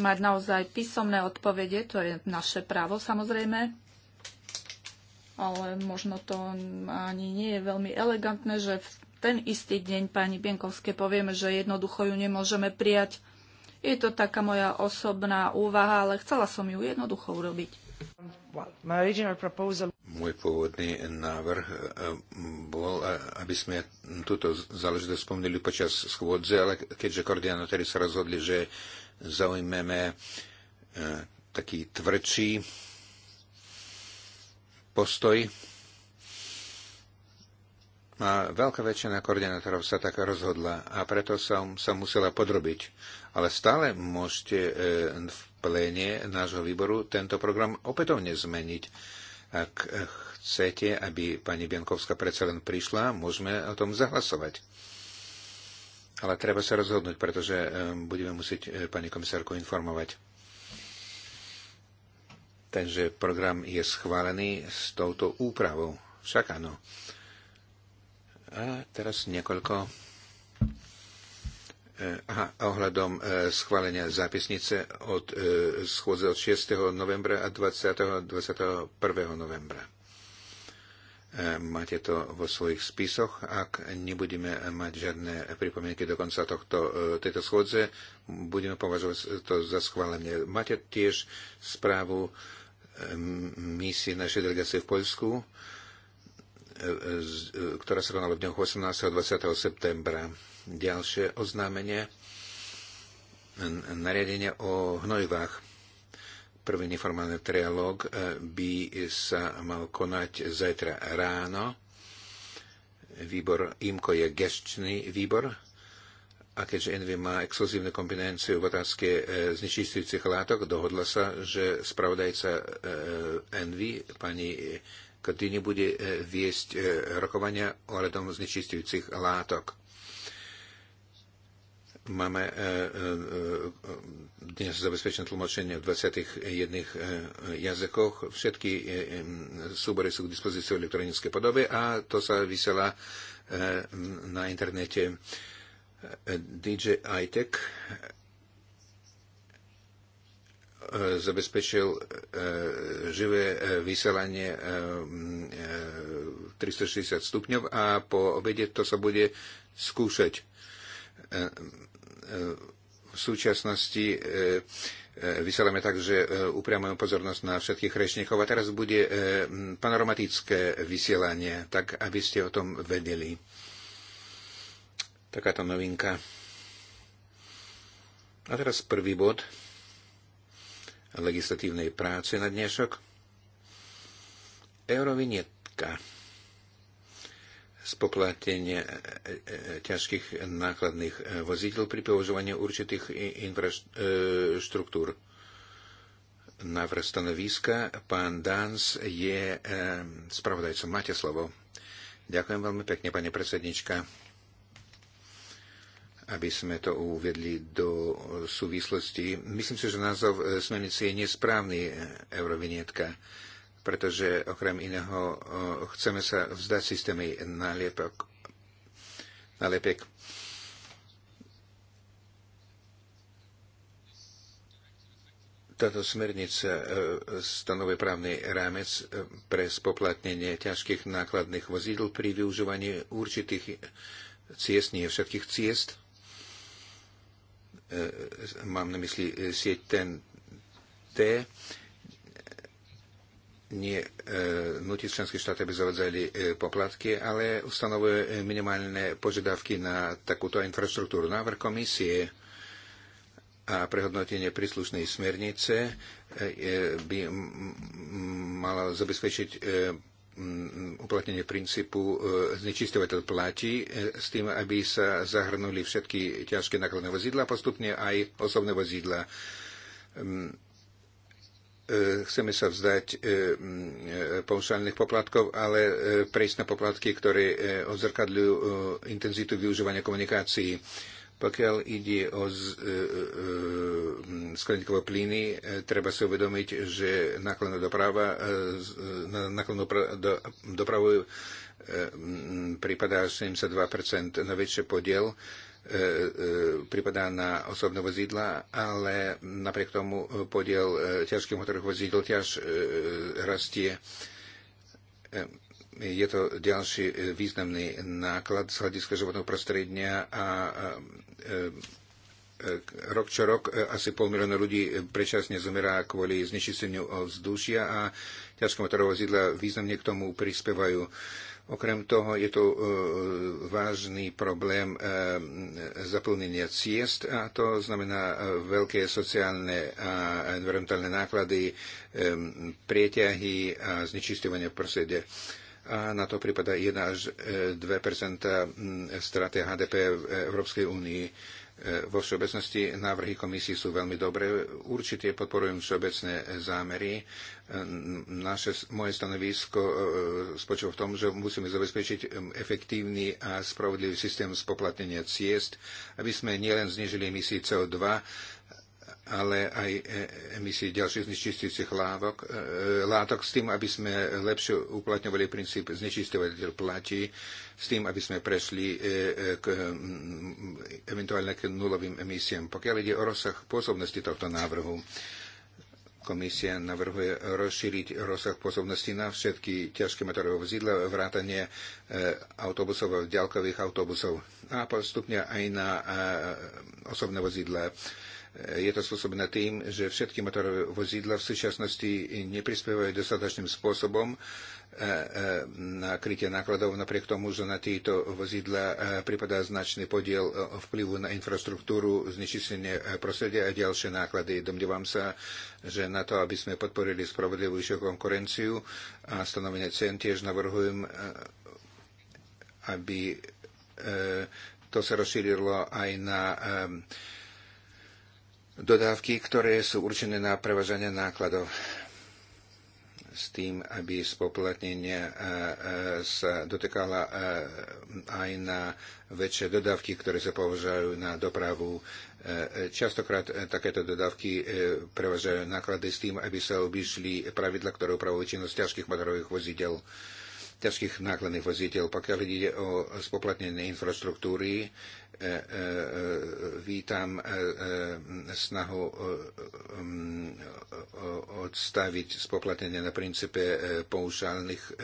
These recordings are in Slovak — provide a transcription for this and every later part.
mať naozaj písomné odpovede, to je naše právo samozrejme, ale možno to ani nie je veľmi elegantné, že v ten istý deň pani Bienkovské povieme, že jednoducho ju nemôžeme prijať. Je to taká moja osobná úvaha, ale chcela som ju jednoducho urobiť. Môj pôvodný návrh eh, bol, eh, aby sme túto záležitosť spomnili počas schôdze, ale keďže koordinátori sa rozhodli, že zaujmeme e, taký tvrdší postoj. A veľká väčšina koordinátorov sa tak rozhodla a preto som sa musela podrobiť. Ale stále môžete e, v pléne nášho výboru tento program opätovne zmeniť. Ak chcete, aby pani Biankovská predsa len prišla, môžeme o tom zahlasovať. Ale treba sa rozhodnúť, pretože eh, budeme musieť eh, pani komisárku informovať. Takže program je schválený s touto úpravou. Však áno. A teraz niekoľko eh, Aha, ohľadom schválenia zápisnice od schôdze od 6. novembra a 20. 21. novembra. Máte to vo svojich spisoch. Ak nebudeme mať žiadne pripomienky do konca tohto, e, tejto schôdze, budeme považovať to za schválenie. Máte tiež správu e, misie našej delegácie v Poľsku, e, ktorá sa konala v dňoch 18. a 20. septembra. Ďalšie oznámenie nariadenie o hnojivách Prvý neformálny trialóg eh, by sa mal konať zajtra ráno. Výbor IMKO je gestčný výbor a keďže Envy má exkluzívne kombináciu v otázke eh, znečistujúcich látok, dohodla sa, že spravodajca eh, Envy, pani Kotyni, bude viesť rokovania radom znečistujúcich látok. Máme e, e, e, dnes zabezpečené tlmočenie v 21 jazykoch. Všetky súbory sú k dispozícii v elektronickej podobe a to sa vysiela na internete DJ iTech zabezpečil živé vysielanie 360 stupňov a po obede to sa bude skúšať E, e, v súčasnosti e, vysielame tak, že upriamujem pozornosť na všetkých rečníkov a teraz bude panoramatické vysielanie, tak aby ste o tom vedeli. Takáto novinka. A teraz prvý bod legislatívnej práce na dnešok. Eurovinietka spoplatenie e, e, e, ťažkých nákladných vozidel pri používaní určitých infraštruktúr. Návrh stanoviska, pán Dans je spravodajcom. Máte slovo. Ďakujem veľmi pekne, pani predsednička. Aby sme to uvedli do súvislosti. Myslím si, že názov smernice je nesprávny, eurovinietka pretože okrem iného chceme sa vzdať systémy nálepok naliepiek. Táto smernica e, stanovuje právny rámec e, pre spoplatnenie ťažkých nákladných vozidel pri využívaní určitých ciest, nie všetkých ciest. E, mám na mysli sieť ten T nie e, nutí členské štáty, aby zavadzali e, poplatky, ale ustanovuje e, minimálne požiadavky na takúto infraštruktúru. Návrh komisie a prehodnotenie príslušnej smernice e, e by mala zabezpečiť e, uplatnenie princípu e, znečistovateľ platí s tým, aby sa zahrnuli všetky ťažké nákladné vozidla, postupne aj osobné vozidla. E, chceme sa vzdať e, e, paušálnych poplatkov, ale prejsť na poplatky, ktoré odzrkadľujú intenzitu využívania komunikácií. Pokiaľ ide o skleníkové plyny, treba si uvedomiť, že nákladná doprava, nákladnú dopravu prípada 72% na väčší podiel E, e, pripadá na osobné vozidla, ale napriek tomu podiel e, ťažkých motorových vozidel tiež rastie. Je to ďalší významný náklad z hľadiska životného prostredia a rok čo rok asi pol milióna ľudí prečasne zomerá kvôli znečisteniu vzdušia a ťažké motorové vozidla významne k tomu prispievajú. Okrem toho je to e, vážny problém e, zaplnenia ciest a to znamená e, veľké sociálne a environmentálne náklady, prieťahy a znečistovanie prostredia a na to prípada 1 až 2 straty HDP v Európskej únii. E, vo všeobecnosti návrhy komisie sú veľmi dobré. Určite podporujem všeobecné zámery. E, naše, moje stanovisko e, spočíva v tom, že musíme zabezpečiť efektívny a spravodlivý systém spoplatnenia ciest, aby sme nielen znižili emisie CO2, ale aj e, emisie ďalších znečistujúcich látok, e, látok s tým, aby sme lepšie uplatňovali princíp znečistovateľ platí, s tým, aby sme prešli e, k, mm, eventuálne k nulovým emisiám. Pokiaľ ide o rozsah pôsobnosti tohto návrhu, Komisia navrhuje rozšíriť rozsah pôsobnosti na všetky ťažké motorové vozidla, vrátanie autobusov a ďalkových autobusov a postupne aj na osobné vozidla je to spôsobené tým, že všetky motorové vozidla v súčasnosti neprispievajú dostatočným spôsobom e, e, na krytie nákladov, napriek tomu, že na tieto vozidla e, pripadá značný podiel vplyvu na infraštruktúru, znečistenie prostredia a ďalšie náklady. Domnievam sa, že na to, aby sme podporili spravodlivejšiu konkurenciu a stanovenie cen, tiež navrhujem, aby to sa rozšírilo aj na dodávky, ktoré sú určené na prevažanie nákladov s tým, aby spoplatnenie e, e, sa dotekala e, aj na väčšie dodávky, ktoré sa považajú na dopravu. Častokrát takéto dodávky prevažajú náklady s tým, aby sa obišli pravidla, ktoré upravujú činnosť ťažkých motorových vozidel ťažkých nákladných vozidel. Pokiaľ ide o spoplatnenie infraštruktúry, E, e, e, vítam snahu odstaviť spoplatnenie na princípe poušálnych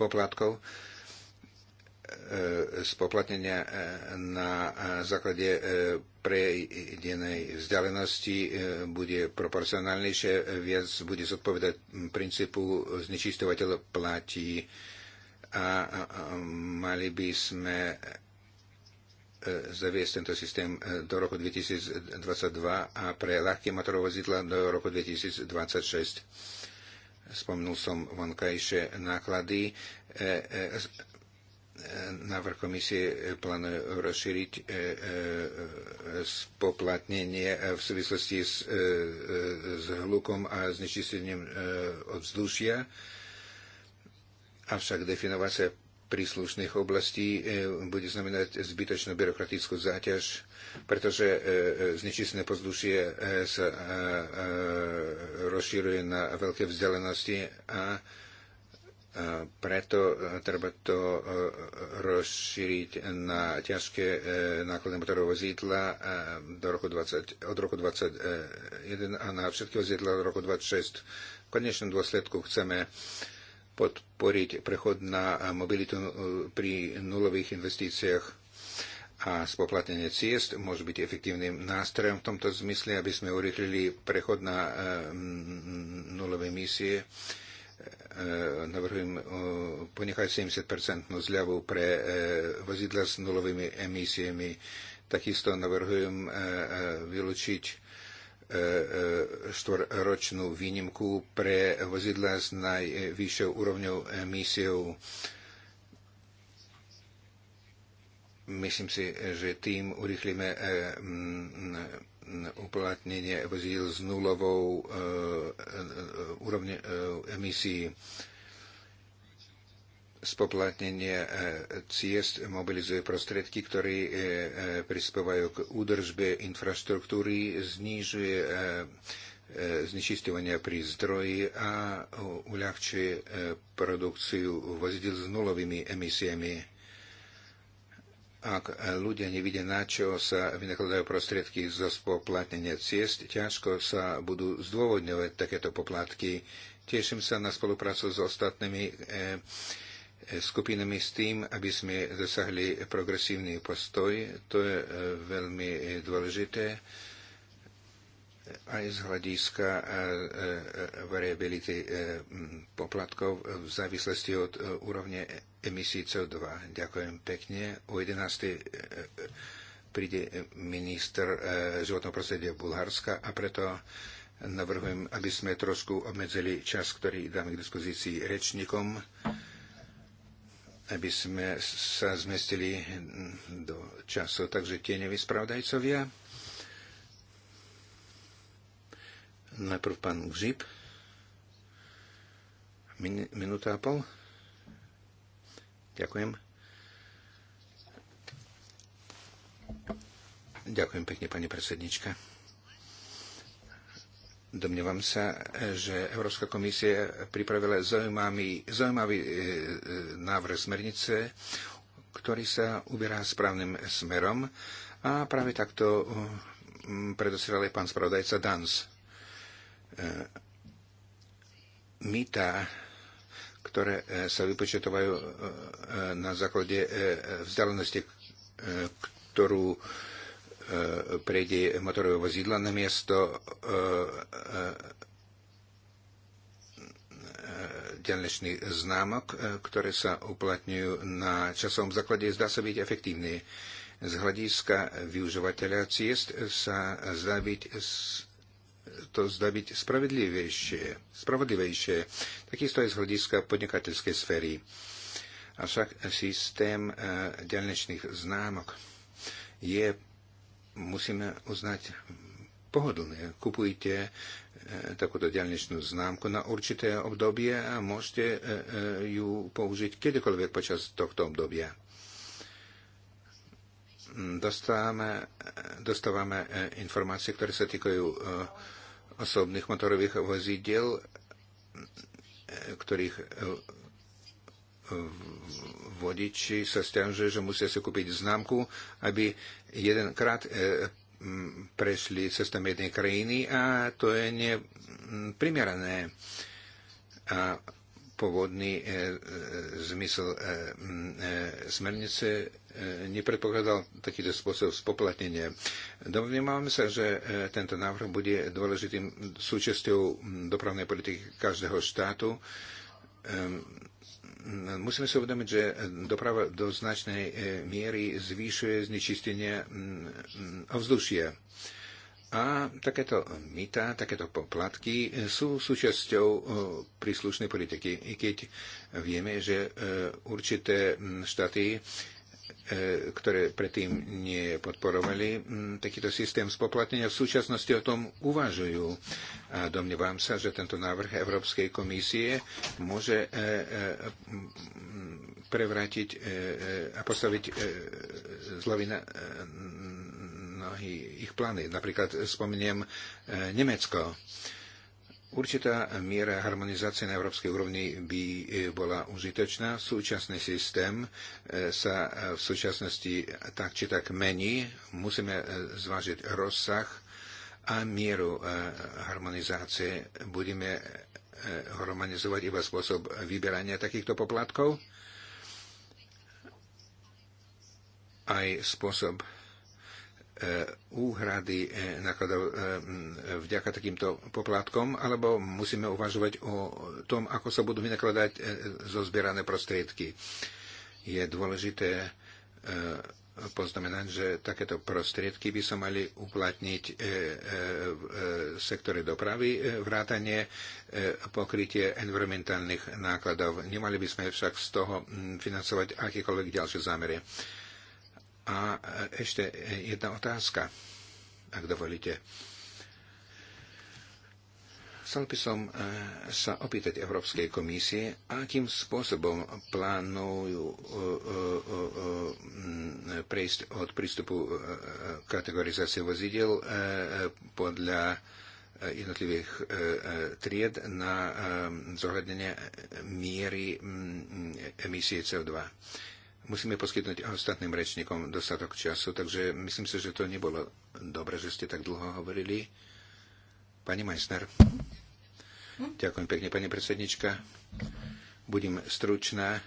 poplatkov spoplatnenia na základe prejdenej vzdialenosti bude proporcionálnejšie, viac bude zodpovedať princípu znečistovateľ platí a mali by sme zaviesť tento systém e, do roku 2022 a pre ľahké motorové vozidla do roku 2026. Spomnul som vonkajšie náklady. E, e, návrh komisie plánuje rozšíriť spoplatnenie v súvislosti s, s hlukom a znečistením ovzdušia. Avšak definovať príslušných oblastí e, bude znamenať zbytočnú byrokratickú záťaž, pretože e, e, znečistené pozdušie sa rozšíruje na veľké vzdialenosti a preto treba to rozšíriť na ťažké nákladné motorové vozidla do roku 20, od roku 2021 a na všetky vozidla od roku 2026. V konečnom dôsledku chceme podporiť prechod na mobilitu e, pri nulových investíciách a spoplatnenie ciest môže byť efektívnym nástrojom v tomto zmysle, aby sme urychlili prechod na e, nulové misie. E, navrhujem ponechať 70-percentnú zľavu pre vozidla s nulovými emisiami. Takisto navrhujem vylúčiť E, e, štvoročnú výnimku pre vozidla s najvyššou úrovňou emisiou. Myslím si, že tým urychlíme e, uplatnenie vozidel s nulovou úrovňou emisí spoplatnenie e, ciest mobilizuje prostriedky, ktoré e, e, prispievajú k údržbe infraštruktúry, znižuje znečisťovania pri zdroji a uľahčuje produkciu vozidel s nulovými emisiami. Ak ľudia nevidia, na čo sa vynakladajú prostriedky zo spoplatnenia ciest, ťažko sa budú zdôvodňovať takéto poplatky. Teším sa na spoluprácu s ostatnými eh, skupinami s tým, aby sme dosahli progresívny postoj. To je e, veľmi dôležité aj z hľadiska e, e, variability poplatkov v závislosti od úrovne emisí CO2. Ďakujem pekne. O 11. príde minister životného prostredia Bulharska a preto navrhujem, aby sme trošku obmedzili čas, ktorý dáme k dispozícii rečníkom aby sme sa zmestili do času. Takže tieňoví spravodajcovia. Najprv pán Gžip. Min- minúta a pol. Ďakujem. Ďakujem pekne, pani predsednička. Domnievam sa, že Európska komisia pripravila zaujímavý, zaujímavý e, e, návrh smernice, ktorý sa uberá správnym smerom a práve takto mm, predosielal aj pán spravodajca Dans. E, mýta, ktoré sa vypočetovajú na základe vzdialenosti, ktorú E, prejde motorové vozidla na miesto e, e, ďalečných známok, ktoré sa uplatňujú na časovom základe, zdá sa byť efektívne. Z hľadiska využívateľa ciest sa zdá byť to zdá byť spravedlivejšie, spravodlivejšie, takisto aj z hľadiska podnikateľskej sféry. Avšak systém ďalnečných známok je musíme uznať pohodlné. Kupujte e, takúto ďalničnú známku na určité obdobie a môžete e, e, ju použiť kedykoľvek počas tohto obdobia. Dostávame, dostávame informácie, ktoré sa týkajú osobných motorových vozidiel, ktorých vodiči sa stiažujú, že musia si kúpiť známku, aby jedenkrát e, prešli cestom jednej krajiny a to je neprimerané. A pôvodný e, e, zmysel smernice nepredpokladal takýto spôsob spoplatnenia. Domnievame sa, že tento návrh bude dôležitým súčasťou dopravnej politiky každého štátu ehm, musíme si uvedomiť, že doprava do značnej e, miery zvýšuje znečistenie ovzdušia. A takéto mýta, takéto poplatky e, sú súčasťou e, príslušnej politiky. I keď vieme, že určité štáty ktoré predtým nepodporovali takýto systém spoplatnenia, v súčasnosti o tom uvažujú. A domnievam sa, že tento návrh Európskej komisie môže prevrátiť a postaviť z na nohy ich plány. Napríklad spomeniem Nemecko. Určitá miera harmonizácie na európskej úrovni by e, bola užitočná. Súčasný systém e, sa e, v súčasnosti tak či tak mení. Musíme zvážiť rozsah a mieru harmonizácie. Budeme harmonizovať iba spôsob vyberania takýchto poplatkov, aj spôsob E, úhrady e, nákladov e, vďaka takýmto poplatkom, alebo musíme uvažovať o tom, ako sa budú vynakladať zo zbierané prostriedky. Je dôležité poznamenať, že takéto prostriedky by sa mali uplatniť v sektore dopravy, vrátanie pokrytie environmentálnych nákladov. Nemali by sme však z toho financovať akékoľvek ďalšie zámery. A ešte jedna otázka, ak dovolíte. Chcel by som e, sa opýtať Európskej komisie, akým spôsobom plánujú e, e, prejsť od prístupu kategorizácie vozidel podľa jednotlivých tried na zohľadnenie miery emisie CO2. Musíme poskytnúť ostatným rečníkom dostatok času, takže myslím si, že to nebolo dobre, že ste tak dlho hovorili. Pani Majsner. Ďakujem pekne, pani predsednička. Budem stručná.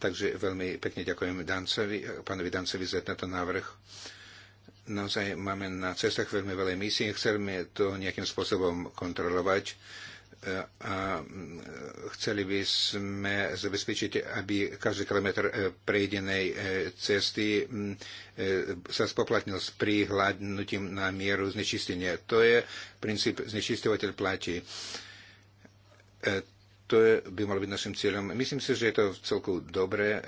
Takže veľmi pekne ďakujem Dancovi, pánovi Dancovi za tento návrh. Naozaj máme na cestách veľmi veľa misií, chceme to nejakým spôsobom kontrolovať a chceli by sme zabezpečiť, aby každý kilometr e, prejdenej e, cesty e, sa spoplatnil s prihľadnutím na mieru znečistenia. To je princíp znečistovateľ platí. To by malo byť našim cieľom. Myslím si, že je to celku dobré.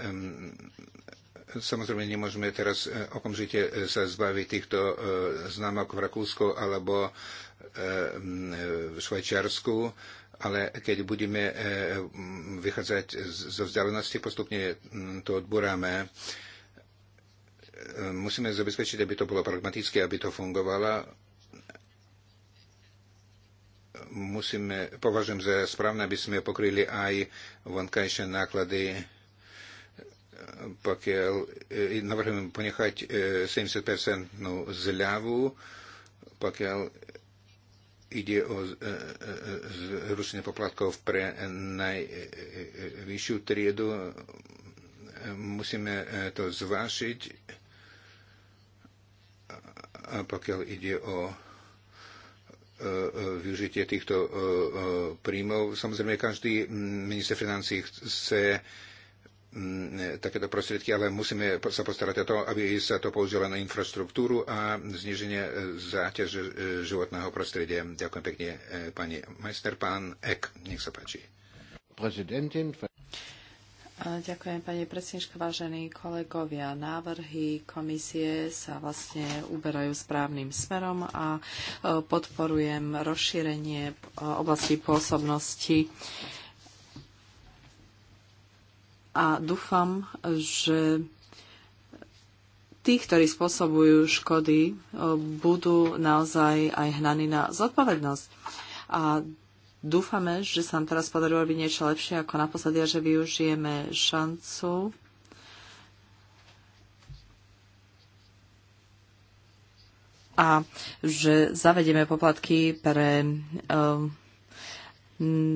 Samozrejme, nemôžeme teraz okamžite sa zbaviť týchto známok v Rakúsku alebo v Švajčiarsku, ale keď budeme eh, vychádzať zo vzdialenosti, postupne hm, to odboráme. Eh, musíme zabezpečiť, aby to bolo pragmatické, aby to fungovalo. Musíme, považujem za správne, aby sme pokryli aj vonkajšie náklady pokiaľ eh, navrhujem ponechať 70% zľavu, pokiaľ ide o e, e, e, zrušenie poplatkov pre najvyššiu triedu. Musíme to zvážiť, pokiaľ ide o využitie týchto príjmov. Samozrejme, každý minister financí chce Mm, takéto prostriedky, ale musíme sa postarať o to, aby sa to použilo na infraštruktúru a zniženie e, záťaže e, životného prostredia. Ďakujem pekne, e, pani majster, pán Ek, nech sa páči. Prezidentin. Ďakujem, pani predsednička, vážení kolegovia. Návrhy komisie sa vlastne uberajú správnym smerom a podporujem rozšírenie oblasti pôsobnosti a dúfam, že tí, ktorí spôsobujú škody, budú naozaj aj hnaní na zodpovednosť. A dúfame, že sa nám teraz podarilo robiť niečo lepšie ako naposledy a že využijeme šancu a že zavedieme poplatky pre um,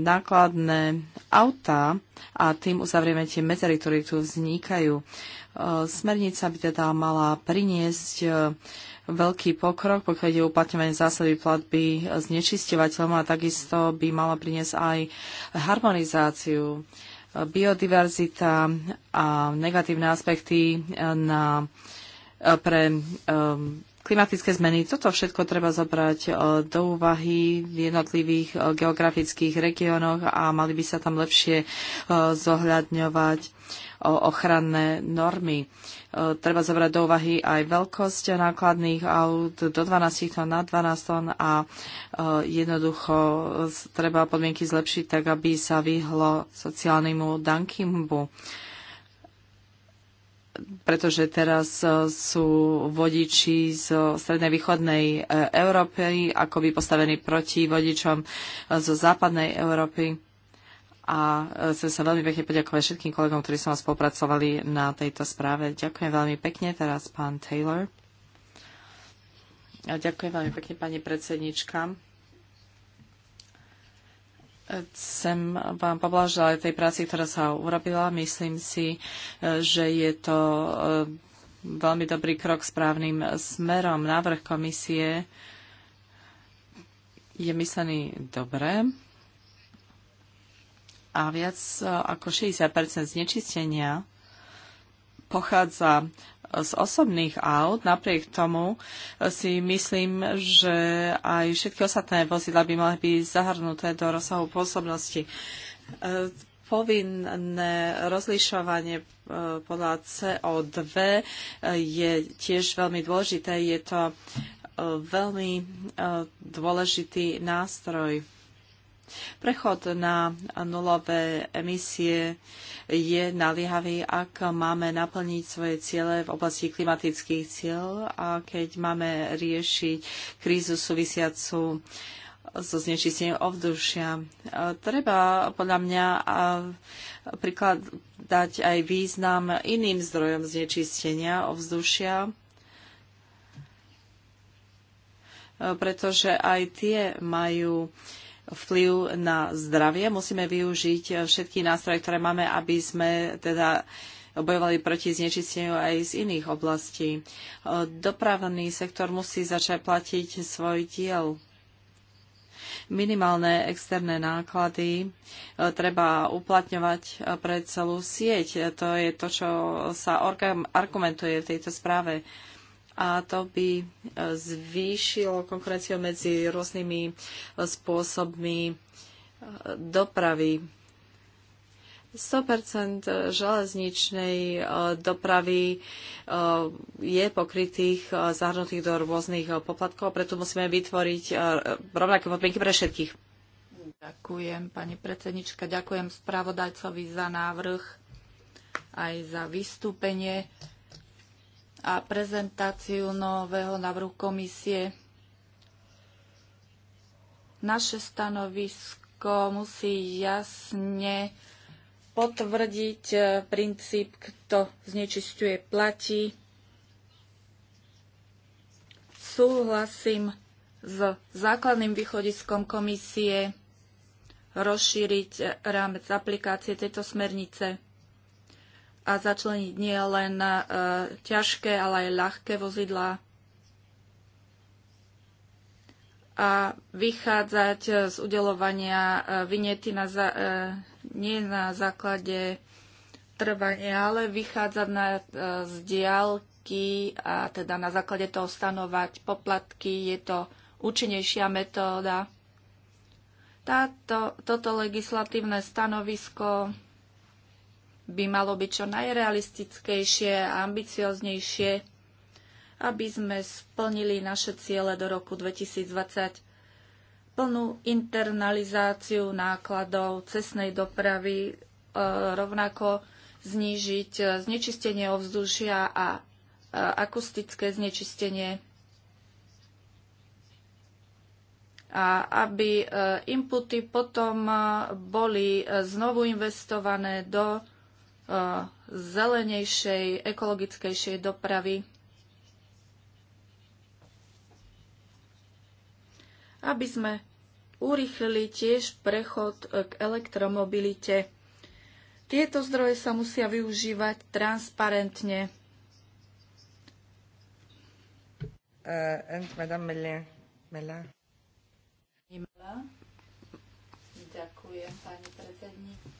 nákladné autá a tým uzavrieme tie medzery, ktoré tu vznikajú. E, smernica by teda mala priniesť e, veľký pokrok, pokiaľ je uplatňovanie zásady platby s nečisťovateľom a takisto by mala priniesť aj harmonizáciu e, biodiverzita a negatívne aspekty na, pre um, klimatické zmeny. Toto všetko treba zobrať e, do úvahy v jednotlivých e, geografických regiónoch a mali by sa tam lepšie e, zohľadňovať ochranné normy. Treba zobrať do úvahy aj veľkosť nákladných aut do 12 tón na 12 tón a jednoducho treba podmienky zlepšiť tak, aby sa vyhlo sociálnemu dunkingu pretože teraz e, sú vodiči zo strednej východnej e, Európy akoby postavení proti vodičom e, zo západnej Európy. A chcem sa veľmi pekne poďakovať všetkým kolegom, ktorí som spolupracovali na tejto správe. Ďakujem veľmi pekne. Teraz pán Taylor. A ďakujem veľmi pekne, pani predsednička. Chcem vám poblažovať tej práci, ktorá sa urobila. Myslím si, e, že je to e, veľmi dobrý krok správnym smerom. Návrh komisie je myslený dobre a viac ako 60 znečistenia pochádza z osobných aut. Napriek tomu e, si myslím, že aj všetky ostatné vozidla by mali byť zahrnuté do rozsahu pôsobnosti. E, povinné rozlišovanie e, podľa CO2 je tiež veľmi dôležité. Je to veľmi dôležitý nástroj Prechod na nulové emisie je naliehavý, ak máme naplniť svoje ciele v oblasti klimatických cieľ a keď máme riešiť krízu súvisiacu so znečistením ovzdušia. Treba podľa mňa dať aj význam iným zdrojom znečistenia ovzdušia, pretože aj tie majú uh, vplyv na zdravie. Musíme využiť všetky nástroje, ktoré máme, aby sme teda bojovali proti znečisteniu aj z iných oblastí. Dopravný sektor musí začať platiť svoj diel. Minimálne externé náklady e, treba uplatňovať e, pre celú sieť. To je to, čo sa argumentuje v tejto správe a to by e, zvýšilo konkurenciu medzi rôznymi e, spôsobmi e, dopravy. 100 železničnej dopravy je pokrytých, zahrnutých do rôznych poplatkov, preto musíme vytvoriť rovnaké podmienky pre všetkých. Ďakujem, pani predsednička, ďakujem spravodajcovi za návrh aj za vystúpenie a prezentáciu nového návrhu komisie. Naše stanovisko musí jasne potvrdiť e, princíp, kto znečisťuje, platí. Súhlasím s základným východiskom komisie rozšíriť e, rámec aplikácie tejto smernice a začleniť nie len na e, ťažké, ale aj ľahké vozidlá a vychádzať e, z udelovania e, vinety na za, nie na základe trvania, ale vychádzať na, z diálky a teda na základe toho stanovať poplatky. Je to účinnejšia metóda. Táto, toto legislatívne stanovisko by malo byť čo najrealistickejšie a ambicioznejšie, aby sme splnili naše ciele do roku 2020 plnú internalizáciu nákladov cestnej dopravy, e, rovnako znížiť e, znečistenie ovzdušia a e, akustické znečistenie a aby inputy potom boli znovu investované do zelenejšej, ekologickejšej dopravy, aby sme urýchlili tiež prechod k elektromobilite. Tieto zdroje sa musia využívať transparentne. Uh, and Madame Ďakujem, pani predsedníčka.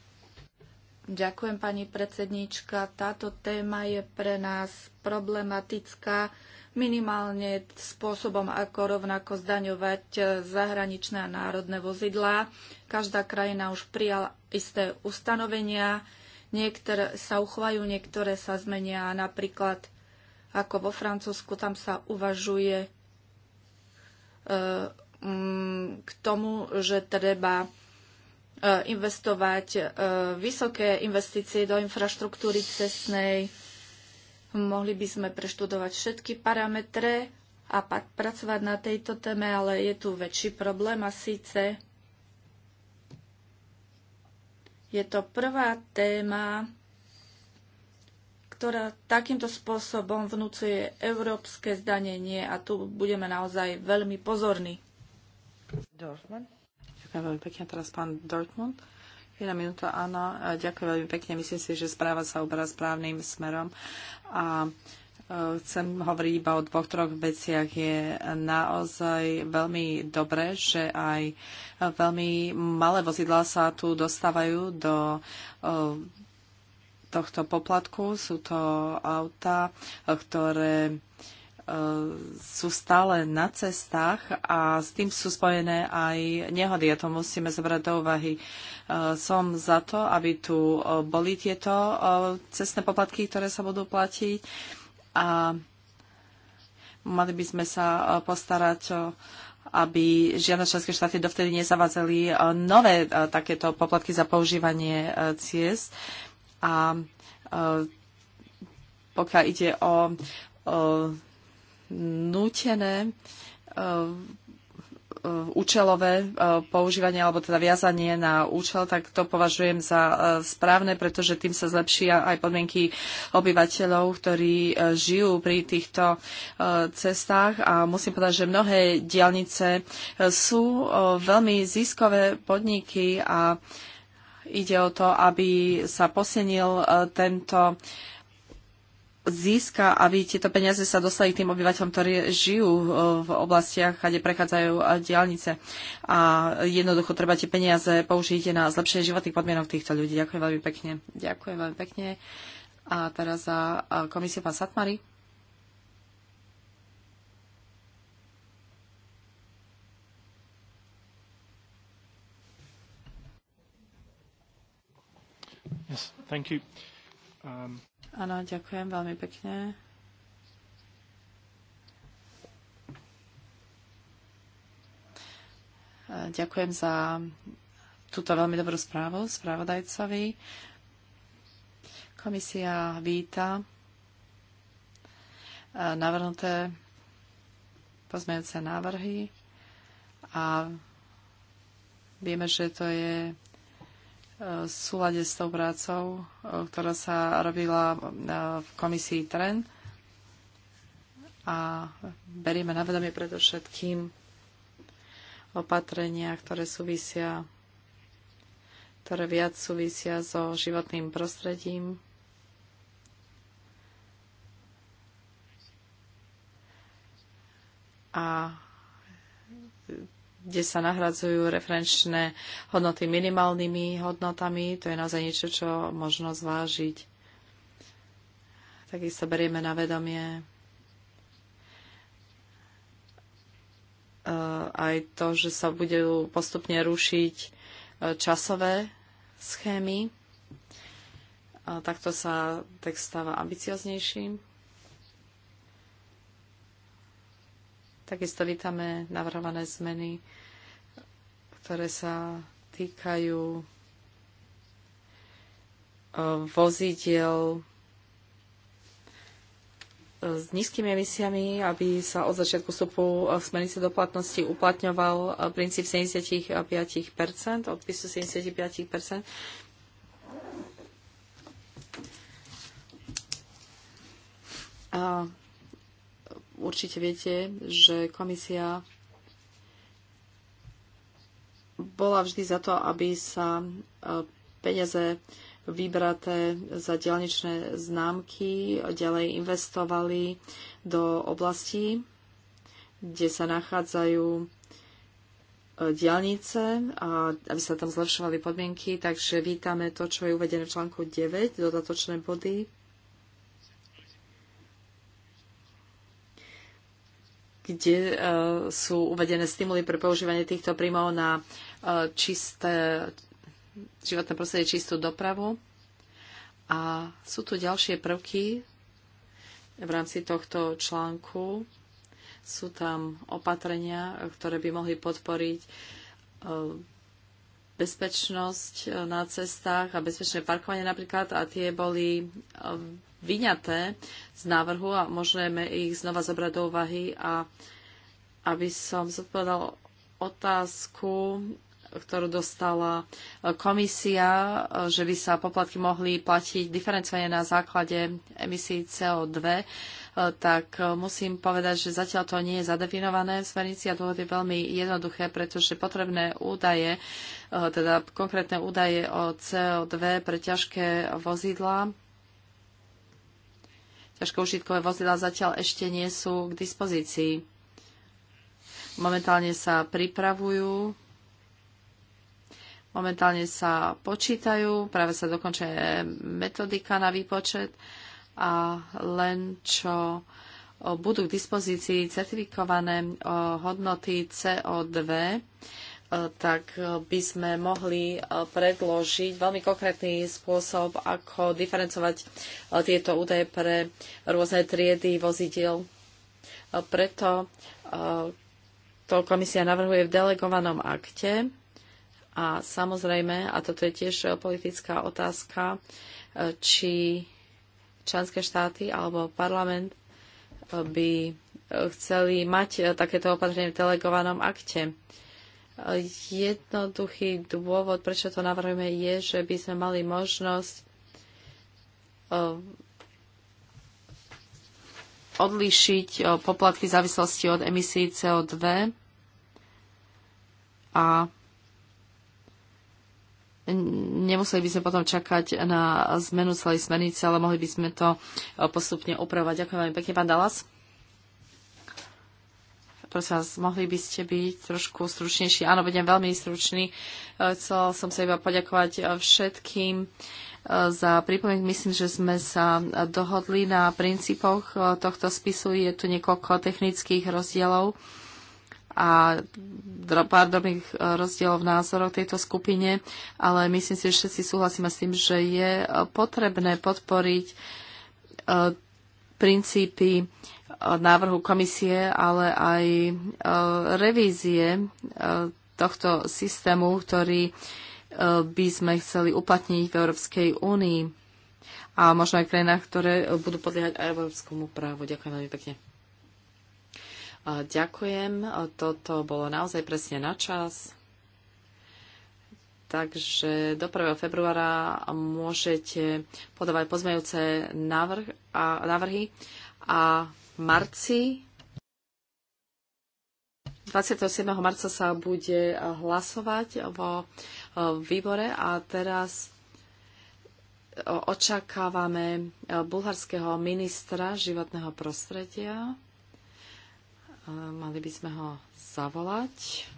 Ďakujem, pani predsedníčka. Táto téma je pre nás problematická minimálne spôsobom, ako rovnako zdaňovať zahraničné a národné vozidlá. Každá krajina už prijala isté ustanovenia, niektoré sa uchvajú, niektoré sa zmenia. Napríklad ako vo Francúzsku, tam sa uvažuje e, m, k tomu, že treba Eh, investovať eh, vysoké investície do infraštruktúry cestnej. Mohli by sme preštudovať všetky parametre a pracovať na tejto téme, ale je tu väčší problém a síce je to prvá téma, ktorá takýmto spôsobom vnúcuje európske zdanenie a tu budeme naozaj veľmi pozorní. Dorfman. Ďakujem veľmi pekne. Teraz pán Dortmund. Jedna minúta, áno. Ďakujem veľmi pekne. Myslím si, že správa sa uberá správnym smerom. A e, chcem hovoriť iba o dvoch, troch veciach. Je naozaj veľmi dobré, že aj e, veľmi malé vozidlá sa tu dostávajú do e, tohto poplatku. Sú to auta, ktoré sú stále na cestách a s tým sú spojené aj nehody a to musíme zobrať do úvahy. E, som za to, aby tu e, boli tieto e, cestné poplatky, ktoré sa budú platiť a mali by sme sa postarať aby žiadne členské štáty dovtedy nezavadzali nové takéto poplatky za používanie ciest. A pokiaľ ide o, o nútené eh, účelové eh, používanie alebo teda viazanie na účel, tak to považujem za eh, správne, pretože tým sa zlepšia aj podmienky obyvateľov, ktorí žijú pri týchto cestách a musím povedať, že mnohé diálnice sú veľmi ziskové podniky a ide o to, aby sa posenil tento získa, aby tieto peniaze sa dostali tým obyvateľom, ktorí žijú e, v oblastiach, kde prechádzajú e, diálnice. A jednoducho treba tie peniaze použiť na zlepšenie životných podmienok týchto ľudí. Ďakujem veľmi pekne. Ďakujem veľmi pekne. A teraz za e, komisie pán Satmari. Yes, thank you. Um... Áno, ďakujem veľmi pekne. E, ďakujem za túto veľmi dobrú správu správodajcovi. Komisia víta e, navrhnuté pozmejúce návrhy a vieme, že to je v súlade s tou prácou, e, ktorá sa robila e, v komisii TREN a berieme na vedomie predovšetkým opatrenia, ktoré súvisia ktoré viac súvisia so životným prostredím, a kde sa nahradzujú referenčné hodnoty minimálnymi hodnotami. To je naozaj niečo, čo možno zvážiť. Takisto berieme na vedomie e, aj to, že sa budú postupne rušiť e, časové schémy. E, takto sa text stáva ambicioznejším. Takisto vítame navrhované zmeny ktoré sa týkajú e, vozidiel e, s nízkymi emisiami, aby sa od začiatku vstupu e, smernice do platnosti uplatňoval princíp 75 odpisu 75 A určite viete, že komisia bola vždy za to, aby sa e, peniaze vybraté za dielničné známky ďalej investovali do oblastí, kde sa nachádzajú e, dielnice a aby sa tam zlepšovali podmienky, takže vítame to, čo je uvedené v článku 9, dodatočné body. kde uh, sú uvedené stimuly pre používanie týchto príjmov na uh, čisté životné prostredie, čistú dopravu. A sú tu ďalšie prvky v rámci tohto článku. Sú tam opatrenia, ktoré by mohli podporiť eh, bezpečnosť eh, na cestách a bezpečné parkovanie napríklad a tie boli eh, vyňaté z návrhu a môžeme ich znova zobrať do úvahy a aby som zodpovedal otázku ktorú dostala e, komisia, e, že by sa poplatky mohli platiť diferencovane na základe emisí CO2, e, tak musím povedať, že zatiaľ to nie je zadefinované v smernici a dôvod je veľmi jednoduché, pretože potrebné údaje, teda konkrétne údaje o CO2 pre ťažké vozidlá, ťažké užitkové vozidlá zatiaľ ešte nie sú k dispozícii. Momentálne sa pripravujú Momentálne sa počítajú, práve sa dokončuje metodika na výpočet a len čo budú k dispozícii certifikované hodnoty CO2, tak by sme mohli predložiť veľmi konkrétny spôsob, ako diferencovať tieto údaje pre rôzne triedy vozidiel. Preto to komisia navrhuje v delegovanom akte a samozrejme, a toto je tiež e, politická otázka, e, či členské štáty alebo parlament e, by chceli mať takéto opatrenie v delegovanom akte. Jednoduchý dôvod, prečo to navrhujeme, je, že by sme mali možnosť odlíšiť poplatky v závislosti od emisí CO2 a Nemuseli by sme potom čakať na zmenu celej smernice, ale mohli by sme to postupne upravovať. Ďakujem veľmi pekne, pán Dalas. Prosím vás, mohli by ste byť trošku stručnejší? Áno, budem veľmi stručný. Chcela som sa iba poďakovať všetkým e, za pripomienku. Myslím, že sme sa dohodli na princípoch e, tohto spisu. Je tu niekoľko technických rozdielov a pár drobných e, rozdielov v názoroch tejto skupine, ale myslím si, že všetci súhlasíme s tým, že je e, potrebné podporiť e, princípy návrhu komisie, ale aj revízie tohto systému, ktorý by sme chceli uplatniť v Európskej únii a možno aj krajinách, ktoré budú podliehať aj európskomu právu. Ďakujem veľmi pekne. Ďakujem, toto bolo naozaj presne na čas. Takže do 1. februára môžete podávať pozmejúce návrh a, návrhy a v marci 27. marca sa bude hlasovať vo e, výbore a teraz e, očakávame e, bulharského ministra životného prostredia. Mali by sme ho zavolať.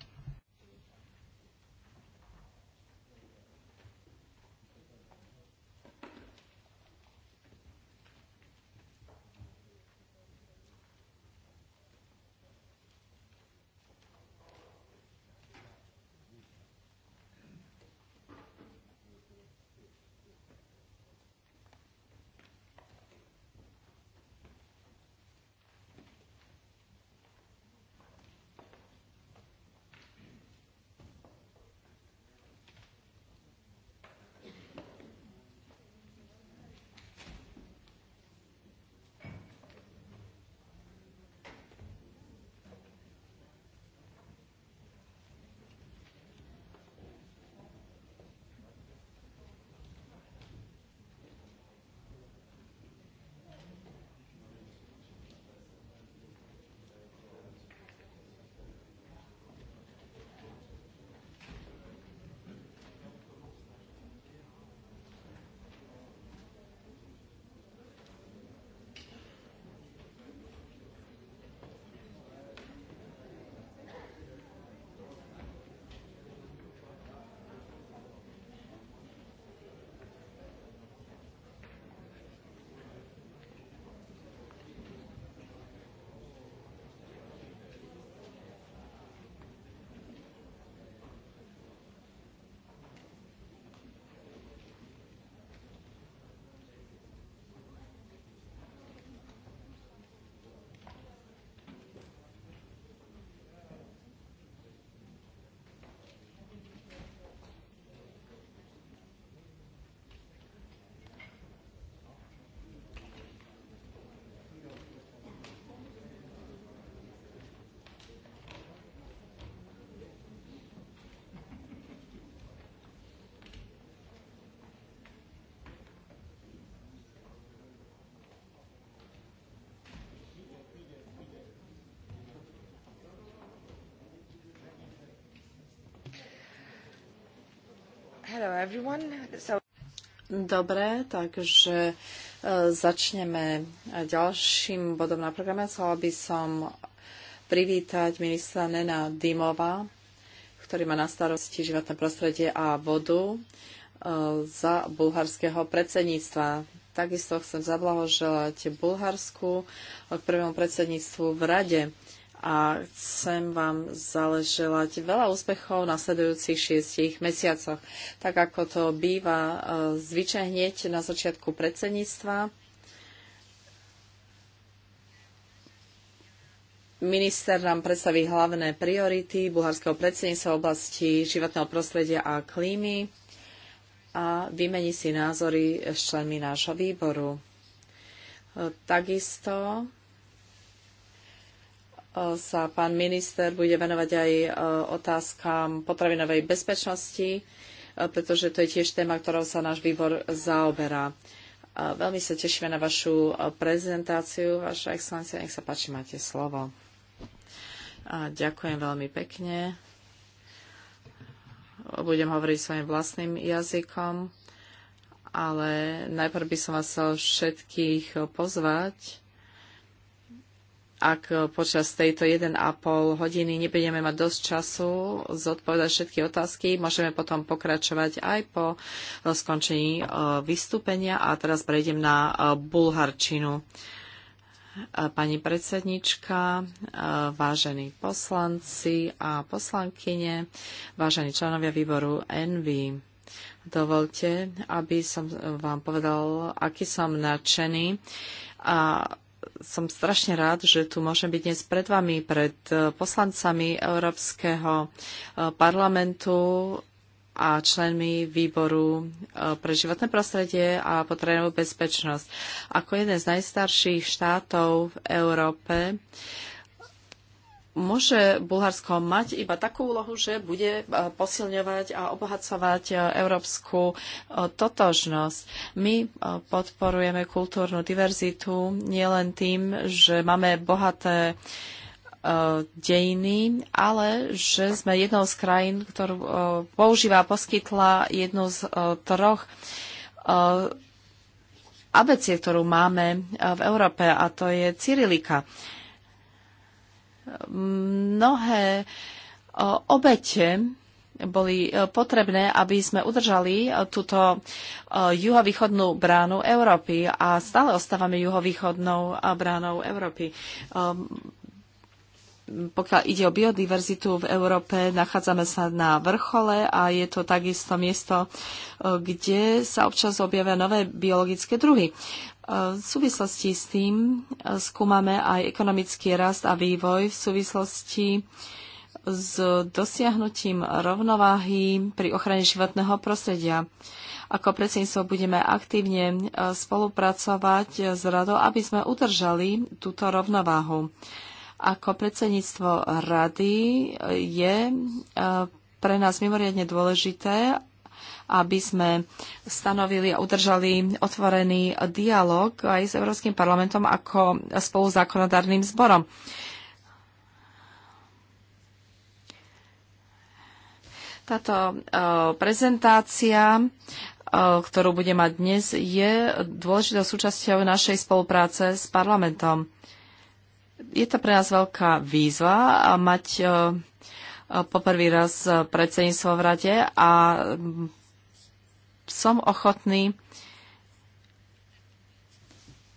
Dobre, takže e, začneme ďalším bodom na programe. Chcela by som privítať ministra Nena Dimova, ktorý má na starosti životné prostredie a vodu e, za bulharského predsedníctva. Takisto chcem zablahoželať Bulharsku k prvému predsedníctvu v Rade a chcem vám zaleželať veľa úspechov na sledujúcich šiestich mesiacoch. Tak ako to býva e, zvyčaj hneď na začiatku predsedníctva, Minister nám predstaví hlavné priority bulharského predsedníctva v oblasti životného prostredia a klímy a vymení si názory s členmi nášho výboru. E, takisto sa pán minister bude venovať aj e, otázkam potravinovej bezpečnosti, e, pretože to je tiež téma, ktorou sa náš výbor zaoberá. E, veľmi sa tešíme na vašu prezentáciu. Vaša excelencia, nech sa páči, máte slovo. A ďakujem veľmi pekne. Budem hovoriť svojim vlastným jazykom, ale najprv by som vás chcel všetkých pozvať ak eh, počas tejto 1,5 hodiny nebudeme mať dosť času zodpovedať všetky otázky, môžeme potom pokračovať aj po eh, skončení eh, vystúpenia. A teraz prejdem na Bulharčinu. Pani predsednička, vážení poslanci a poslankyne, vážení členovia výboru ENVY, dovolte, aby som vám povedal, aký som nadšený a som strašne rád, že tu môžem byť dnes pred vami, pred e, poslancami Európskeho e, parlamentu a členmi výboru e, pre životné prostredie a potrebnú bezpečnosť. Ako jeden z najstarších štátov v Európe môže Bulharsko mať iba takú úlohu, že bude e, posilňovať a obohacovať e, európsku e, totožnosť. My podporujeme kultúrnu diverzitu nielen tým, že máme bohaté dejiny, ale že sme jednou z krajín, ktorú používa a poskytla jednu z troch abecie, ktorú máme v Európe, a to je Cyrilika mnohé obete boli e, potrebné, aby sme udržali e, túto e, juhovýchodnú bránu Európy a stále ostávame juhovýchodnou bránou Európy. Pokiaľ ide o biodiverzitu v Európe, nachádzame sa na vrchole a je to takisto miesto, kde sa občas objavia nové biologické druhy. E, v súvislosti s tým e, skúmame aj ekonomický rast a vývoj v súvislosti s dosiahnutím rovnováhy pri ochrane životného prostredia. Ako predsedníctvo budeme aktívne e, spolupracovať s radou, aby sme udržali túto rovnováhu. Ako predsedníctvo rady je pre nás mimoriadne dôležité, aby sme stanovili a udržali otvorený dialog aj s Európskym parlamentom ako spolu zákonodárnym zborom. Táto e, prezentácia e, ktorú budeme mať dnes, je dôležitou súčasťou našej spolupráce s parlamentom. Je to pre nás veľká výzva mať e, poprvý raz predsedníctvo v rade a som ochotný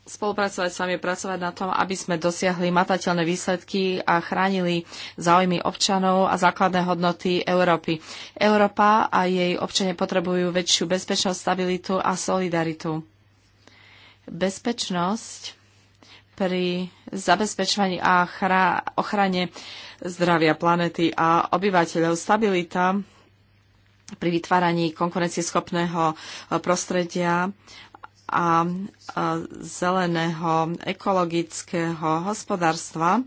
spolupracovať s vami, pracovať na tom, aby sme dosiahli matateľné výsledky a chránili záujmy občanov a základné hodnoty Európy. Európa a jej občania potrebujú väčšiu bezpečnosť, stabilitu a solidaritu. Bezpečnosť pri zabezpečovaní a ochrane zdravia planety a obyvateľov. Stabilita pri vytváraní konkurencieschopného e, prostredia a e, zeleného ekologického hospodárstva, e,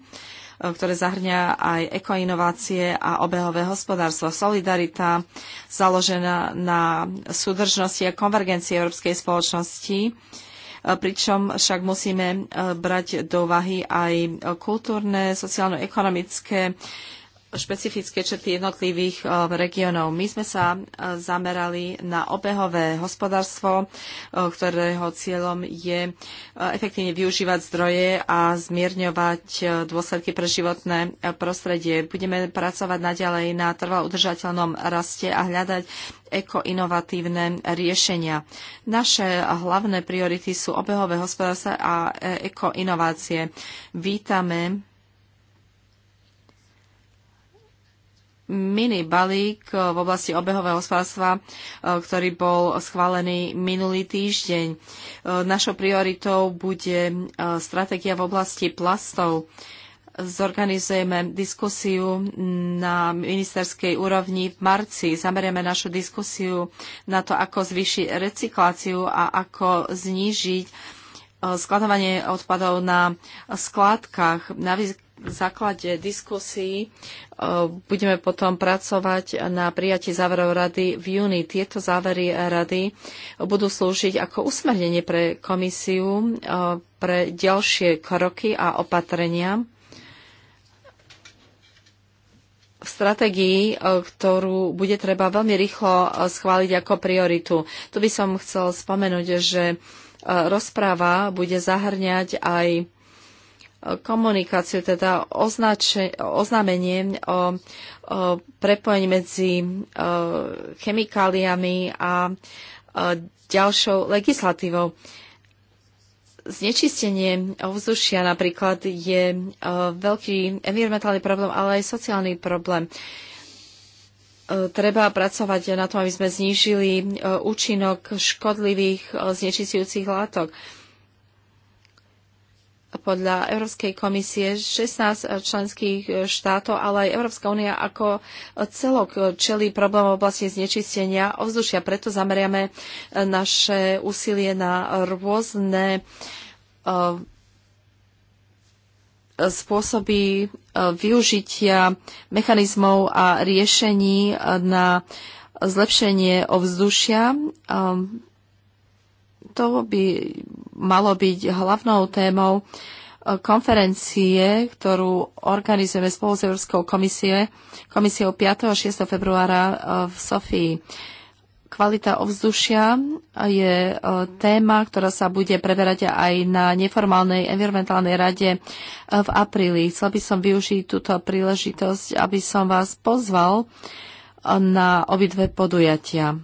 ktoré zahrňa aj ekoinovácie a obehové hospodárstvo. Solidarita založená na súdržnosti a konvergencii európskej spoločnosti, pričom však musíme brať do úvahy aj kultúrne, sociálno-ekonomické špecifické črty jednotlivých eh, regiónov. My sme sa eh, zamerali na obehové hospodárstvo, eh, ktorého cieľom je efektívne využívať zdroje a zmierňovať dôsledky pre životné prostredie. Budeme pracovať naďalej na trvalo udržateľnom raste a hľadať ekoinovatívne riešenia. Naše hlavné priority sú obehové hospodárstva a ekoinovácie. Vítame mini balík eh, v oblasti obehového hospodárstva, eh, ktorý bol schválený minulý týždeň. Eh, našou prioritou bude stratégia v oblasti plastov. Zorganizujeme diskusiu na ministerskej úrovni v marci. Zamerieme našu diskusiu na to, ako zvýšiť recykláciu a ako znížiť skladovanie odpadov na skládkach základe diskusí e, budeme potom pracovať na prijatí záverov rady v júni. Tieto závery rady budú slúžiť ako usmernenie pre komisiu e, pre ďalšie kroky a opatrenia v stratégii, e, ktorú bude treba veľmi rýchlo schváliť ako prioritu. Tu by som chcel spomenúť, že rozpráva bude zahrňať aj komunikáciu, teda označe, oznámenie o, o prepojení medzi o, e, chemikáliami a o, e, ďalšou legislatívou. Znečistenie ovzdušia napríklad je o, e, veľký environmentálny problém, ale aj sociálny problém. Treba pracovať na tom, aby sme znížili účinok škodlivých znečistujúcich látok podľa Európskej komisie 16 členských štátov, ale aj Európska únia ako celok čelí problém v oblasti znečistenia ovzdušia. Preto zameriame naše úsilie na rôzne e, spôsoby e, využitia mechanizmov a riešení na zlepšenie ovzdušia e, to by malo byť hlavnou témou eh, konferencie, ktorú organizujeme spolu s Európskou komisie, komisiou 5. a 6. februára eh, v Sofii. Kvalita ovzdušia je eh, téma, ktorá sa bude preberať aj na neformálnej environmentálnej rade v apríli. Chcel by som využiť túto príležitosť, aby som vás pozval na obidve podujatia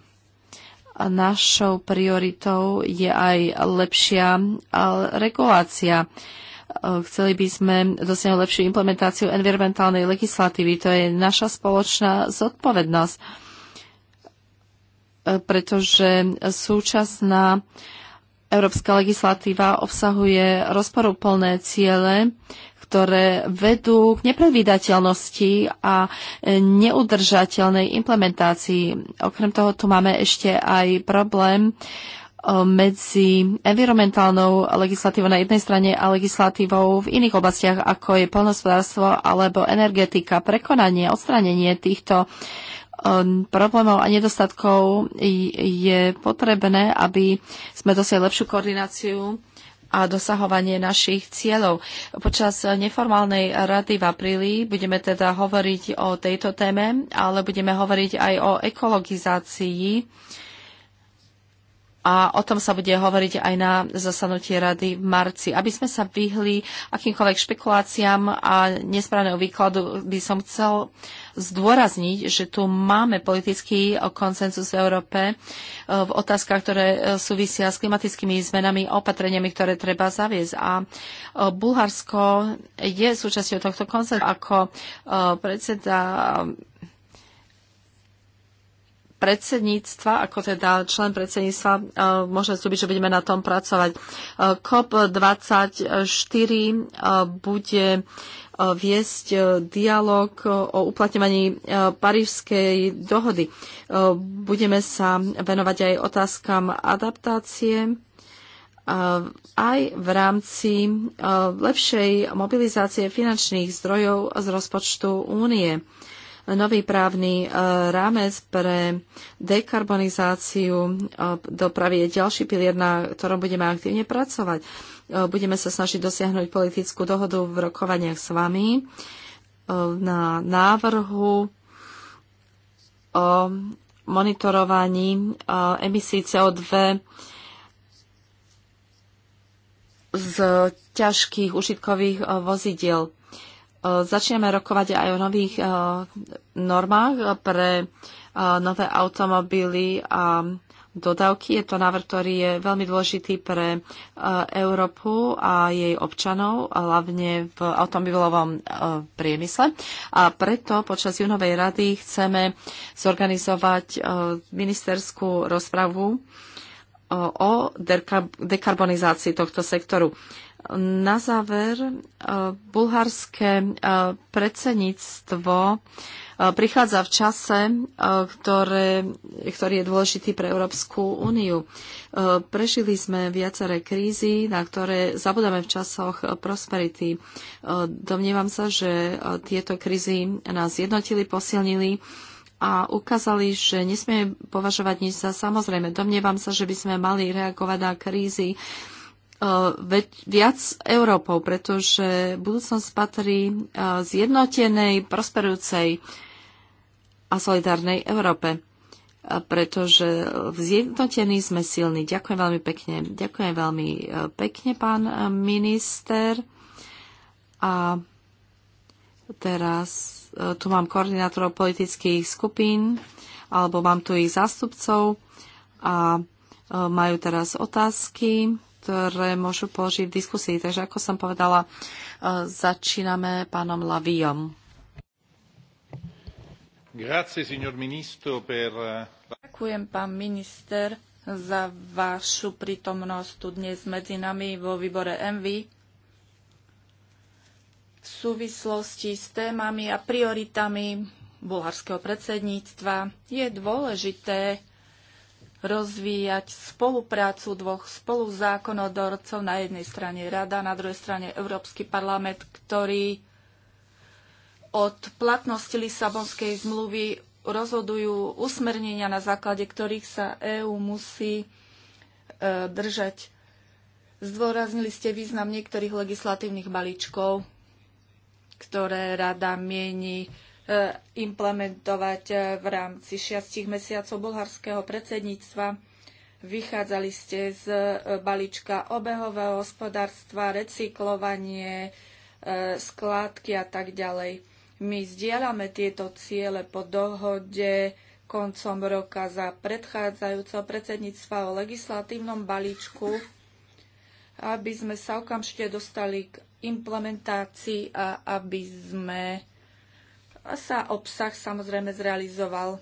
našou prioritou je aj lepšia regulácia. E, chceli by sme dosiahnuť lepšiu implementáciu environmentálnej legislatívy. To je naša spoločná zodpovednosť, e, pretože súčasná európska legislatíva obsahuje rozporúplné ciele, ktoré vedú k nepredvídateľnosti a e, neudržateľnej implementácii. Okrem toho tu máme ešte aj problém e, medzi environmentálnou legislatívou na jednej strane a legislatívou v iných oblastiach, ako je polnospodárstvo alebo energetika. Prekonanie, odstranenie týchto e, problémov a nedostatkov je potrebné, aby sme dosiahli lepšiu koordináciu a dosahovanie našich cieľov. Počas neformálnej rady v apríli budeme teda hovoriť o tejto téme, ale budeme hovoriť aj o ekologizácii a o tom sa bude hovoriť aj na zasadnutí rady v marci. Aby sme sa vyhli akýmkoľvek špekuláciám a nesprávneho výkladu, by som chcel uh, zdôrazniť, že tu máme politický konsenzus v Európe e, v otázkach, ktoré e, súvisia s klimatickými zmenami, opatreniami, ktoré treba zaviesť. A e, Bulharsko je súčasťou tohto konsenzu ako predseda predsedníctva, ako teda člen predsedníctva, e, môžem slúbiť, že budeme na tom pracovať. E, COP24 e, bude viesť dialog o uplatňovaní Parížskej dohody. Budeme sa venovať aj otázkam adaptácie aj v rámci lepšej mobilizácie finančných zdrojov z rozpočtu únie nový právny e, rámec pre dekarbonizáciu e, dopravy je ďalší pilier, na ktorom budeme aktívne pracovať. E, budeme sa snažiť dosiahnuť politickú dohodu v rokovaniach s vami na návrhu o monitorovaní emisí CO2 z ťažkých užitkových vozidiel. E, začneme rokovať aj o nových e, normách pre e, nové automobily a dodávky. Je to návrh, ktorý je veľmi dôležitý pre Európu a jej občanov, hlavne v automobilovom priemysle. A preto počas junovej rady chceme zorganizovať ministerskú rozpravu o dekarbonizácii tohto sektoru. Na záver, e, bulharské e, predsedníctvo e, prichádza v čase, ktoré, ktorý je dôležitý pre Európsku úniu. Prežili sme viaceré krízy, na ktoré zabudáme v časoch prosperity. Domnievam sa, že tieto krízy nás jednotili, posilnili a ukázali, že nesmieme považovať nič za samozrejme. Domnievam sa, že by sme mali reagovať na krízy e, viac Európou, pretože budúcnosť patrí e, zjednotenej, prosperujúcej a solidárnej Európe e, pretože zjednotení sme silní. Ďakujem veľmi pekne. Ďakujem veľmi pekne, pán minister. A teraz E, tu mám koordinátorov politických skupín, alebo mám tu ich zástupcov a e, majú teraz otázky, ktoré môžu položiť v diskusii. Takže ako som povedala, e, začíname pánom Laviom. Ďakujem, pán minister, za vašu prítomnosť tu dnes medzi nami vo výbore Envy v súvislosti s témami a prioritami bulharského predsedníctva je dôležité rozvíjať spoluprácu dvoch spoluzákonodorcov, na jednej strane Rada, na druhej strane Európsky parlament, ktorý od platnosti Lisabonskej zmluvy rozhodujú usmernenia, na základe ktorých sa EÚ musí e, držať. Zdôraznili ste význam niektorých legislatívnych balíčkov ktoré rada mieni e, implementovať e, v rámci šiastich mesiacov bulharského predsedníctva. Vychádzali ste z e, balíčka obehového hospodárstva, recyklovanie, skládky a tak ďalej. My zdieľame tieto ciele po dohode koncom roka za predchádzajúceho predsedníctva o legislatívnom balíčku, aby sme sa okamžite dostali k implementácii a aby sme a sa obsah samozrejme zrealizoval.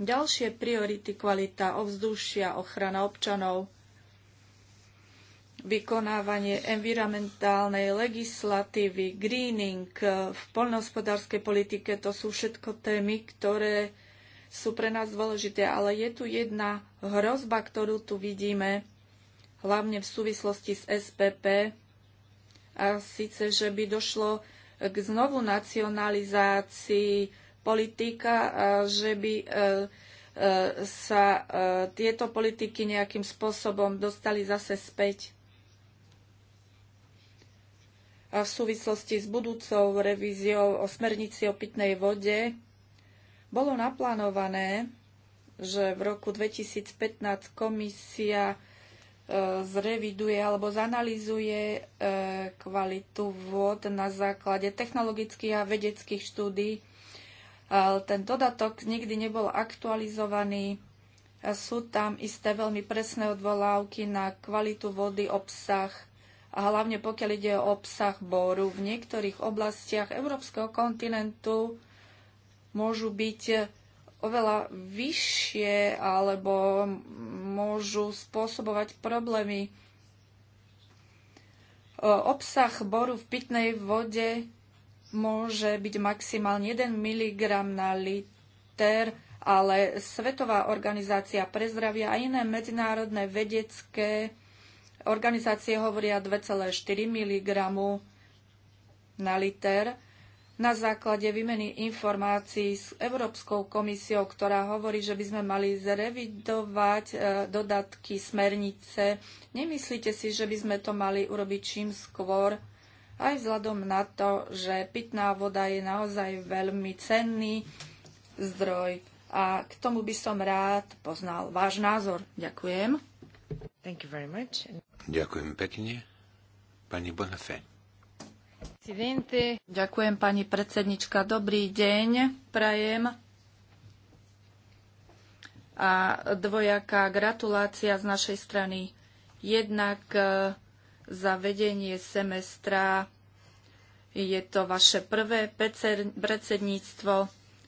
Ďalšie priority kvalita ovzdušia, ochrana občanov, vykonávanie environmentálnej legislatívy, greening v poľnohospodárskej politike, to sú všetko témy, ktoré sú pre nás dôležité, ale je tu jedna hrozba, ktorú tu vidíme hlavne v súvislosti s SPP, a síce, že by došlo k znovu nacionalizácii politika, a že by e, e, sa e, tieto politiky nejakým spôsobom dostali zase späť. A v súvislosti s budúcou revíziou o smernici o pitnej vode bolo naplánované, že v roku 2015 komisia zreviduje alebo zanalizuje e, kvalitu vôd na základe technologických a vedeckých štúdí. E, ten dodatok nikdy nebol aktualizovaný. Sú tam isté veľmi presné odvolávky na kvalitu vody, obsah a hlavne pokiaľ ide o obsah boru. V niektorých oblastiach európskeho kontinentu môžu byť oveľa vyššie alebo môžu spôsobovať problémy. Obsah boru v pitnej vode môže byť maximálne 1 mg na liter, ale Svetová organizácia pre zdravie a iné medzinárodné vedecké organizácie hovoria 2,4 mg na liter na základe výmeny informácií s Európskou komisiou, ktorá hovorí, že by sme mali zrevidovať e, dodatky smernice. Nemyslíte si, že by sme to mali urobiť čím skôr, aj vzhľadom na to, že pitná voda je naozaj veľmi cenný zdroj. A k tomu by som rád poznal váš názor. Ďakujem. Thank you very much. Ďakujem pekne. Pani Bonafé. Ďakujem, pani predsednička. Dobrý deň, prajem. A dvojaká gratulácia z našej strany. Jednak e, za vedenie semestra je to vaše prvé predsedníctvo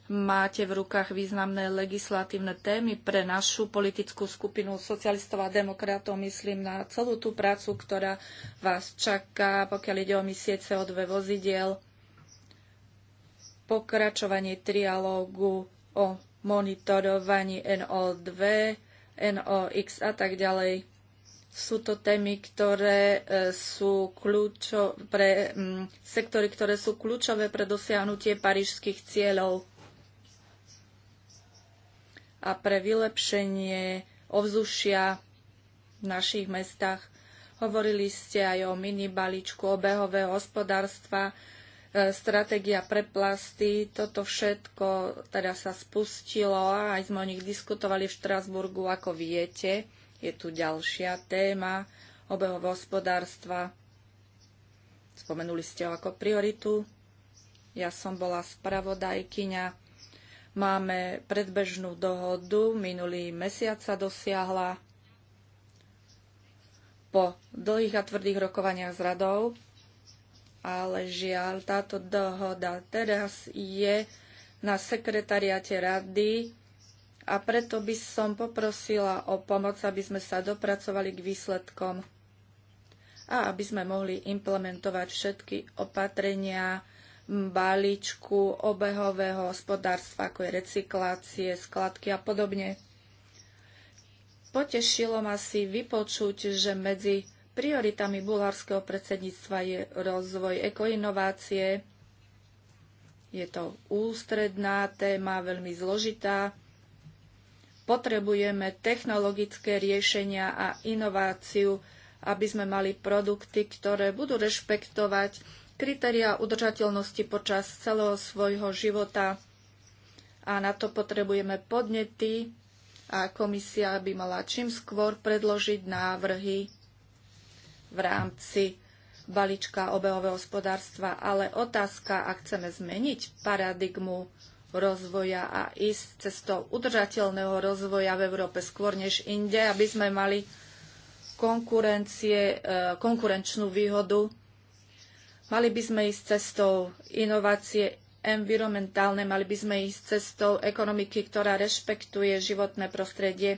máte v rukách významné legislatívne témy pre našu politickú skupinu socialistov a demokratov. Myslím na celú tú prácu, ktorá vás čaká, pokiaľ ide o misie CO2 vozidiel, pokračovanie trialógu o monitorovaní NO2, NOx a tak ďalej. Sú to témy, ktoré e, sú kľúčo, pre, mm, sektory, ktoré sú kľúčové pre dosiahnutie parížských cieľov a pre vylepšenie ovzdušia v našich mestách. Hovorili ste aj o minibaličku obehového hospodárstva, e, stratégia pre plasty. Toto všetko teda sa spustilo a aj sme o nich diskutovali v Štrasburgu, ako viete. Je tu ďalšia téma obehového hospodárstva. Spomenuli ste ho ako prioritu. Ja som bola spravodajkyňa Máme predbežnú dohodu, minulý mesiac sa dosiahla po dlhých a tvrdých rokovaniach s radou, ale žiaľ, táto dohoda teraz je na sekretariate rady a preto by som poprosila o pomoc, aby sme sa dopracovali k výsledkom a aby sme mohli implementovať všetky opatrenia, balíčku obehového hospodárstva, ako je recyklácie, skladky a podobne. Potešilo ma si vypočuť, že medzi prioritami bulharského predsedníctva je rozvoj ekoinovácie. Je to ústredná téma, veľmi zložitá. Potrebujeme technologické riešenia a inováciu, aby sme mali produkty, ktoré budú rešpektovať kritéria udržateľnosti počas celého svojho života a na to potrebujeme podnety a komisia by mala čím skôr predložiť návrhy v rámci balíčka obehového hospodárstva, ale otázka, ak chceme zmeniť paradigmu rozvoja a ísť cestou udržateľného rozvoja v Európe skôr než inde, aby sme mali konkurencie, eh, konkurenčnú výhodu Mali by sme ísť cestou inovácie environmentálne, mali by sme ísť cestou ekonomiky, ktorá rešpektuje životné prostredie.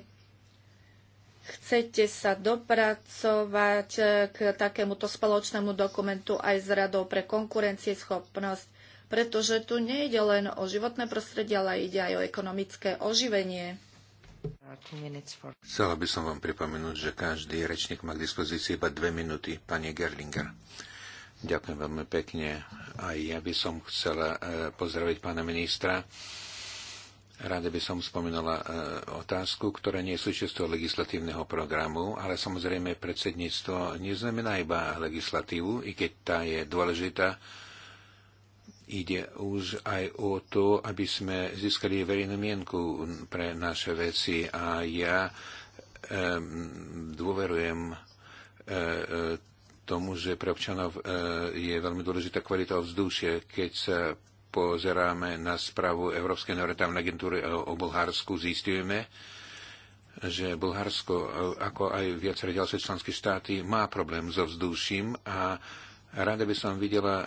Chcete sa dopracovať k takémuto spoločnému dokumentu aj s Radou pre konkurencieschopnosť, pretože tu nejde len o životné prostredie, ale ide aj o ekonomické oživenie. Chcela by som vám pripomenúť, že každý rečník má k dispozícii iba dve minúty, pani Gerlinger. Ďakujem veľmi pekne. A ja by som chcela e, pozdraviť pána ministra. Rada by som spomenula e, otázku, ktorá nie sú súčasťou legislatívneho programu, ale samozrejme predsedníctvo neznamená iba legislatívu, i keď tá je dôležitá. Ide už aj o to, aby sme získali verejnú mienku pre naše veci a ja um, dôverujem tomu, že pre občanov e, je veľmi dôležitá kvalita vzdušia, keď sa pozeráme na správu Európskej norentávnej agentúry o Bulharsku, zistujeme, že Bulharsko, e, ako aj viaceré ďalšie členské štáty, má problém so vzduším a rada by som videla e,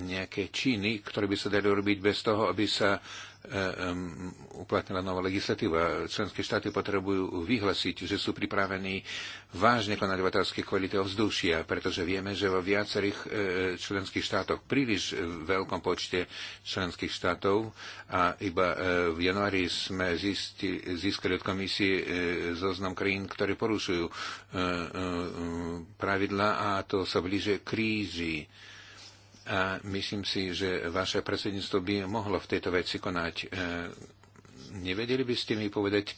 nejaké činy, ktoré by sa dali robiť bez toho, aby sa E, uplatnila nová legislatíva. Členské štáty potrebujú vyhlasiť, že sú pripravení vážne konať v otázke kvality ovzdušia, pretože vieme, že vo viacerých e, členských štátoch, príliš veľkom počte členských štátov a iba e, v januári sme získali od komisie zoznam krajín, ktoré porušujú pravidla a to sa blíže kríži a myslím si, že vaše predsedníctvo by mohlo v tejto veci konať. E, nevedeli by ste mi povedať,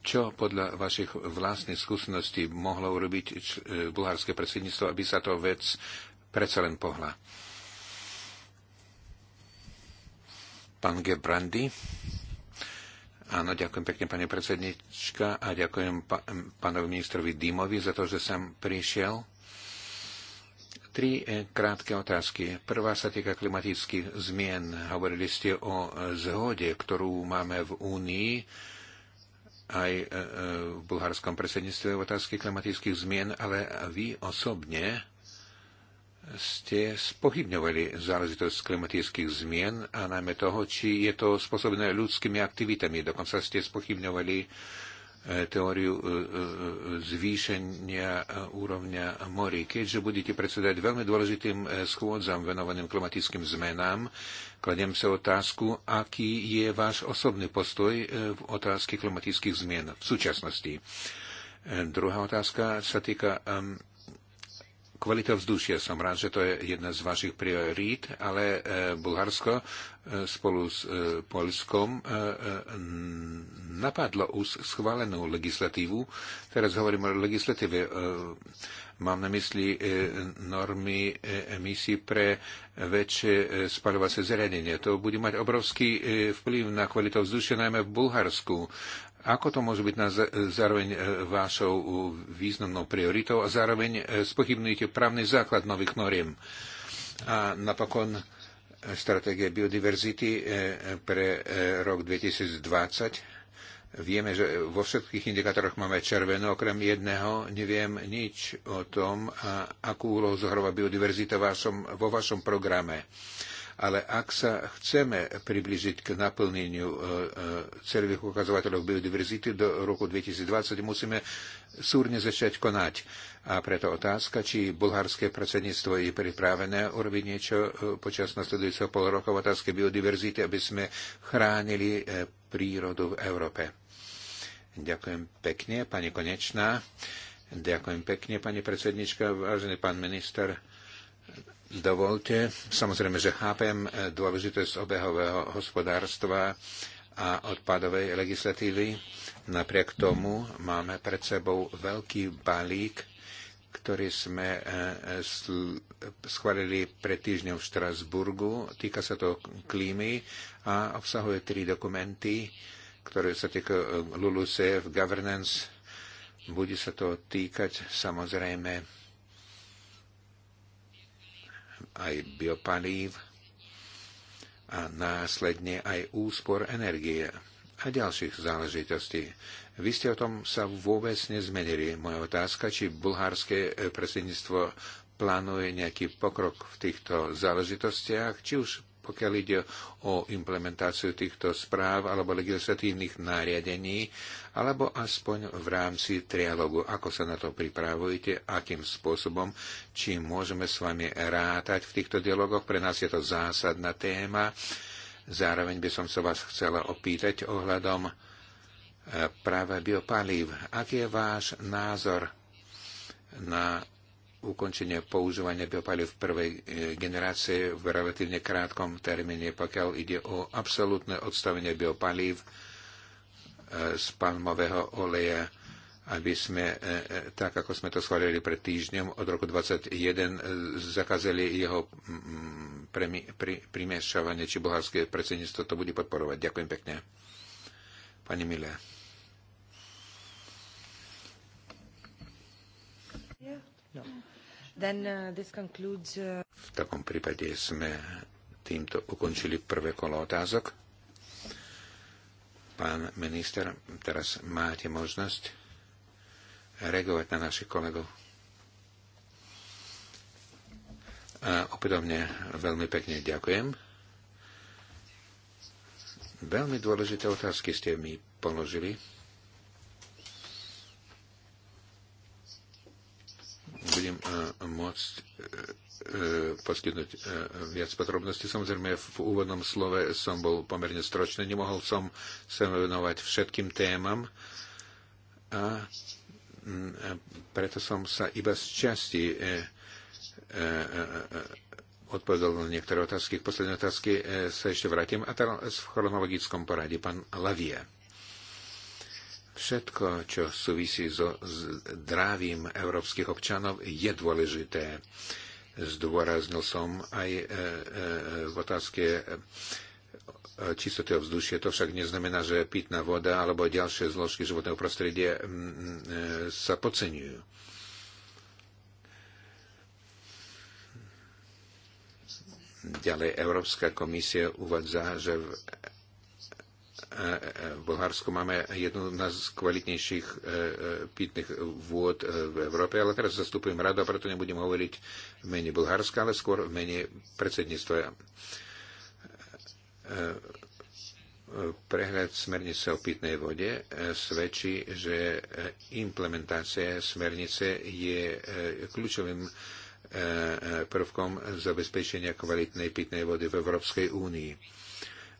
čo podľa vašich vlastných skúseností mohlo urobiť e, bulharské predsedníctvo, aby sa to vec predsa len pohla? Pán Gebrandy. Áno, ďakujem pekne, pani predsednička, a ďakujem pánovi ministrovi Dýmovi za to, že som prišiel. Tri eh, krátke otázky. Prvá sa týka klimatických zmien. Hovorili ste o zhode, ktorú máme v Únii aj eh, eh, v bulharskom predsedníctve v otázke klimatických zmien, ale vy osobne ste spochybňovali záležitosť klimatických zmien a najmä toho, či je to spôsobené ľudskými aktivitami. Dokonca ste spochybňovali E, teóriu e, e, zvýšenia úrovňa morí. Keďže budete predsedať veľmi dôležitým schôdzam venovaným klimatickým zmenám, kladiem sa otázku, aký je váš osobný postoj v otázke klimatických zmien v súčasnosti. Druhá otázka sa týka Kvalita vzdušia, som rád, že to je jedna z vašich priorít, ale e, Bulharsko e, spolu s e, Polskom napadlo už schválenú legislatívu. Teraz hovorím o legislatíve. Mám na mysli normy emisí pre väčšie spalovacie zariadenie. To bude mať obrovský vplyv na kvalitu vzdušia, najmä v Bulharsku. Ako to môže byť na zároveň e, vašou e, významnou prioritou a zároveň e, spochybnujete právny základ nových noriem? A napokon stratégia biodiverzity pre rok 2020. Vieme, že vo všetkých indikátoroch máme červenú, okrem jedného neviem nič o tom, akú úlohu zohráva biodiverzita vo vašom programe. Ale ak sa chceme približiť k naplneniu e, e, celých ukazovateľov biodiverzity do roku 2020, musíme súrne začať konať. A preto otázka, či bulharské predsedníctvo je pripravené urobiť niečo e, počas nasledujúceho pol roka v otázke biodiverzity, aby sme chránili prírodu v Európe. Ďakujem pekne, pani Konečná. Ďakujem pekne, pani predsednička, vážený pán minister. Dovolte, samozrejme, že chápem dôležitosť obehového hospodárstva a odpadovej legislatívy. Napriek tomu máme pred sebou veľký balík, ktorý sme e, e, schválili pred týždňom v Štrasburgu. Týka sa to klímy a obsahuje tri dokumenty, ktoré sa týkajú e, LULUCF, governance. Bude sa to týkať samozrejme aj biopalív a následne aj úspor energie a ďalších záležitostí. Vy ste o tom sa vôbec nezmenili. Moja otázka, či bulhárske predsedníctvo plánuje nejaký pokrok v týchto záležitostiach, či už pokiaľ ide o implementáciu týchto správ alebo legislatívnych nariadení, alebo aspoň v rámci trialogu. Ako sa na to pripravujete, akým spôsobom, či môžeme s vami rátať v týchto dialogoch. Pre nás je to zásadná téma. Zároveň by som sa vás chcela opýtať ohľadom e, práve biopalív. Aký je váš názor na ukončenie používania biopalív prvej e, generácie v relatívne krátkom termíne, pokiaľ ide o absolútne odstavenie biopalív z e, palmového oleja, aby sme, e, tak ako sme to schválili pred týždňom, od roku 2021 zakázali jeho primiešavanie, či bohárske predsedníctvo to bude podporovať. Ďakujem pekne. Pani Milé. Then, uh, concludes, uh... V takom prípade sme týmto ukončili prvé kolo otázok. Pán minister, teraz máte možnosť reagovať na našich kolegov. A opätovne veľmi pekne ďakujem. Veľmi dôležité otázky ste mi položili. budem e, môcť e, e, poskytnúť viac podrobností. Samozrejme, v úvodnom slove som bol pomerne stročný, nemohol som sa venovať všetkým témam a preto som sa iba z časti odpovedal na niektoré otázky. K poslednej otázky sa ešte vrátim a teraz v chronologickom poradí pán Lavie. Všetko, čo súvisí so zdravím európskych občanov, je dôležité. Zdôraznil som aj e, e, v otázke e, čistoty vzdušie. To však neznamená, že pitná voda alebo ďalšie zložky životného prostredia sa podceňujú. Ďalej Európska komisia uvádza, že v v Bulharsku máme jednu z najkvalitnejších e, e, pitných vôd e, v Európe, ale teraz zastupujem rado, preto nebudem hovoriť v mene Bulharska, ale skôr v mene predsedníctva. Prehľad smernice o pitnej vode svedčí, že implementácia smernice je kľúčovým prvkom zabezpečenia kvalitnej pitnej vody v Európskej únii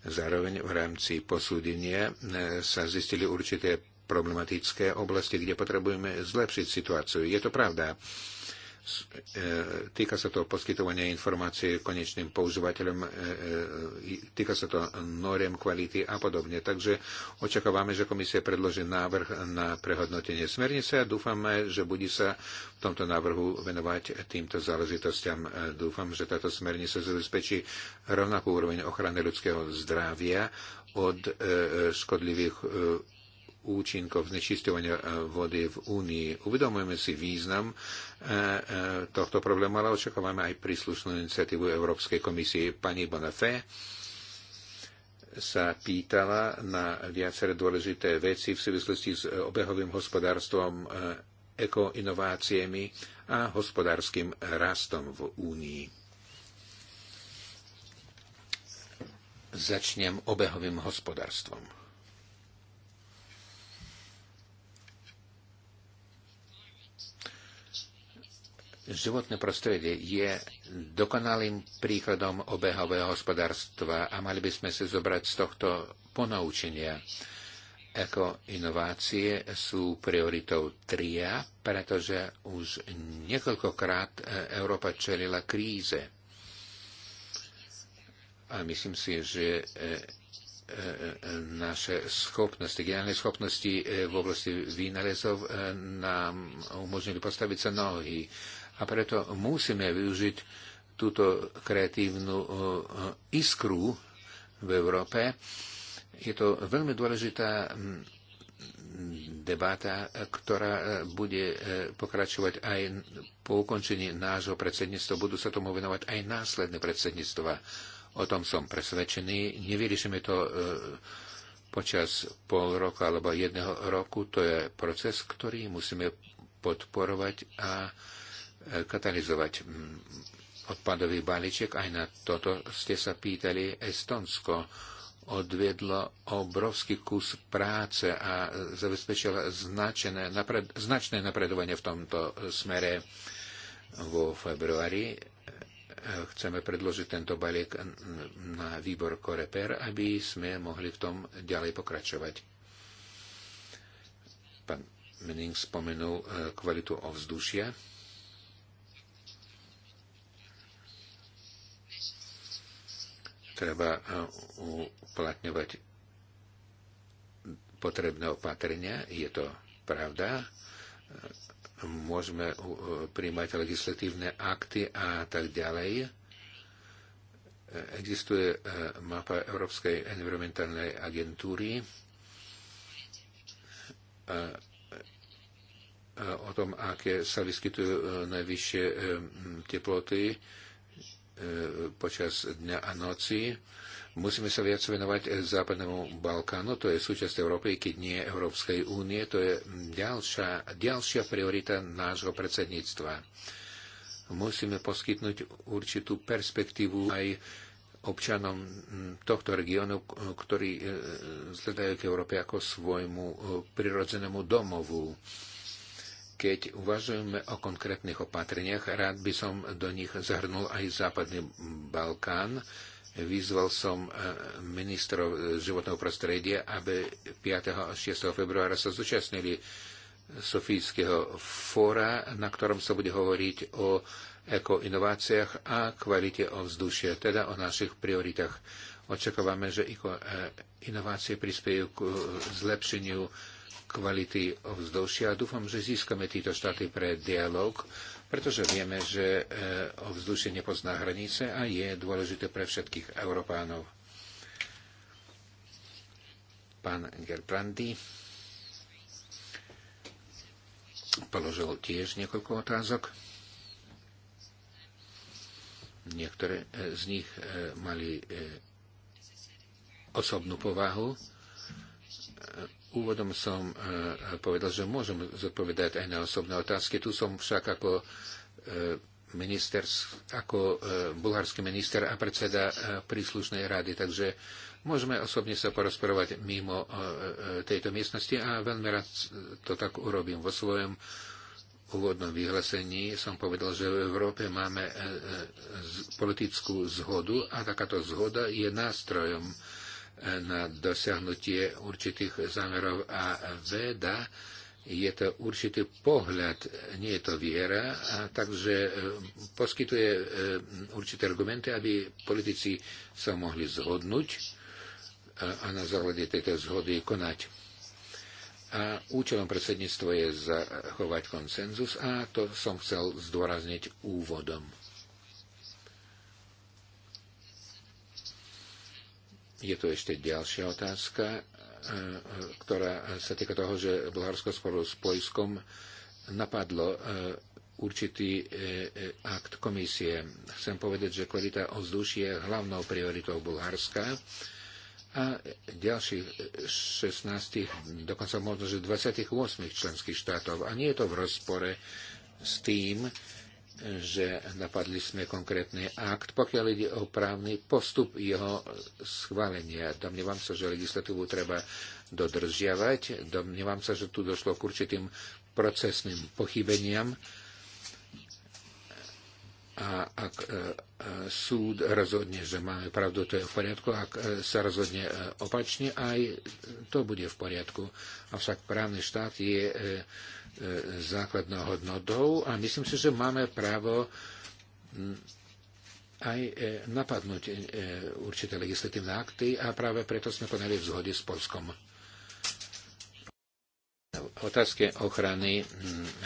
Zároveň v rámci posúdenia e, sa zistili určité problematické oblasti, kde potrebujeme zlepšiť situáciu. Je to pravda. E, týka sa to poskytovania informácie konečným používateľom, e, e, týka sa to noriem kvality a podobne. Takže očakávame, že komisia predloží návrh na prehodnotenie smernice a dúfame, že bude sa v tomto návrhu venovať týmto záležitostiam. Dúfam, že táto smernica zabezpečí rovnakú úroveň ochrany ľudského zdravia od škodlivých účinkov znečisťovania e, vody v Únii. Uvedomujeme si význam e, e, tohto problému, ale očakávame aj príslušnú iniciatívu Európskej komisie. Pani Bonafé sa pýtala na viaceré dôležité veci v súvislosti s obehovým hospodárstvom, ekoinováciami a hospodárskym rastom v Únii. začnem obehovým hospodárstvom. Životné prostredie je dokonalým príkladom obehového hospodárstva a mali by sme si zobrať z tohto ponaučenia. Eko inovácie sú prioritou tria, pretože už niekoľkokrát e, Európa čelila kríze. A myslím si, že e, e, naše schopnosti, generálne schopnosti v oblasti výnalezov nám umožnili postaviť sa nohy a preto musíme využiť túto kreatívnu iskru v Európe. Je to veľmi dôležitá debata, ktorá e, bude e, pokračovať aj po ukončení nášho predsedníctva. Budú sa tomu venovať aj následné predsedníctva. O tom som presvedčený. Nevyriešime to e, počas pol roka alebo jedného roku. To je proces, ktorý musíme podporovať a katalizovať mm, odpadový balíček. Aj na toto ste sa pýtali. Estonsko odviedlo obrovský kus práce a zabezpečilo značené, napred, značné napredovanie v tomto smere. Vo februári e, chceme predložiť tento balík na výbor Koreper, aby sme mohli v tom ďalej pokračovať. Pán Mening spomenul e, kvalitu ovzdušia. treba eh, uplatňovať potrebné opatrenia. Je to pravda. Môžeme eh, príjmať legislatívne akty a tak ďalej. Existuje eh, mapa Európskej environmentálnej agentúry o tom, aké sa vyskytujú najvyššie teploty E, počas dňa a noci. Musíme sa viac venovať Západnému Balkánu, to je súčasť Európy, keď nie Európskej únie, to je ďalšia, ďalšia priorita nášho predsedníctva. Musíme poskytnúť určitú perspektívu aj občanom tohto regiónu, ktorí e, zhľadajú k Európe ako svojmu e, prirodzenému domovu. Keď uvažujeme o konkrétnych opatreniach, rád by som do nich zahrnul aj Západný Balkán. Vyzval som e, ministrov e, životného prostredia, aby 5. a 6. februára sa zúčastnili Sofijského fóra, na ktorom sa bude hovoriť o ekoinováciách a kvalite ovzdušia, teda o našich prioritách. Očakávame, že e, inovácie prispiejú k zlepšeniu kvality ovzdušia. Dúfam, že získame tieto štáty pre dialog, pretože vieme, že e, ovzdušie nepozná hranice a je dôležité pre všetkých Európánov. Pán Gerbrandy položil tiež niekoľko otázok. Niektoré e, z nich e, mali osobnú povahu Úvodom som e, e, povedal, že môžem zodpovedať aj na osobné otázky. Tu som však ako e, minister, ako bulharský minister a predseda príslušnej rady, takže môžeme osobne sa porozprávať mimo tejto miestnosti a veľmi rád to tak urobím vo svojom úvodnom vyhlásení som povedal, že v Európe máme politickú zhodu a takáto zhoda je nástrojom na dosiahnutie určitých zámerov a veda je to určitý pohľad, nie je to viera, a takže e, poskytuje e, určité argumenty, aby politici sa mohli zhodnúť e, a na základe tejto zhody konať. A účelom predsedníctva je zachovať konsenzus a to som chcel zdôrazniť úvodom. Je tu ešte ďalšia otázka, e, e, ktorá sa týka toho, že Bulharsko spolu s Poľskom napadlo e, určitý akt komisie. Chcem povedať, že kvalita ovzdušia je hlavnou prioritou Bulharska a ďalších 16, dokonca možno, že 28 členských štátov. A nie je to v rozpore s tým, že napadli sme konkrétny akt, pokiaľ ide o právny postup jeho schválenia. Domnievam sa, že legislatívu treba dodržiavať. Domnievam sa, že tu došlo k určitým procesným pochybeniam. A ak e, e, súd rozhodne, že máme pravdu, to je v poriadku. Ak e, sa rozhodne opačne, aj to bude v poriadku. Avšak právny štát je E, základnou hodnotou a myslím si, že máme právo aj e, napadnúť e, určité legislatívne akty a práve preto sme konali v zhode s Polskom. Otázke ochrany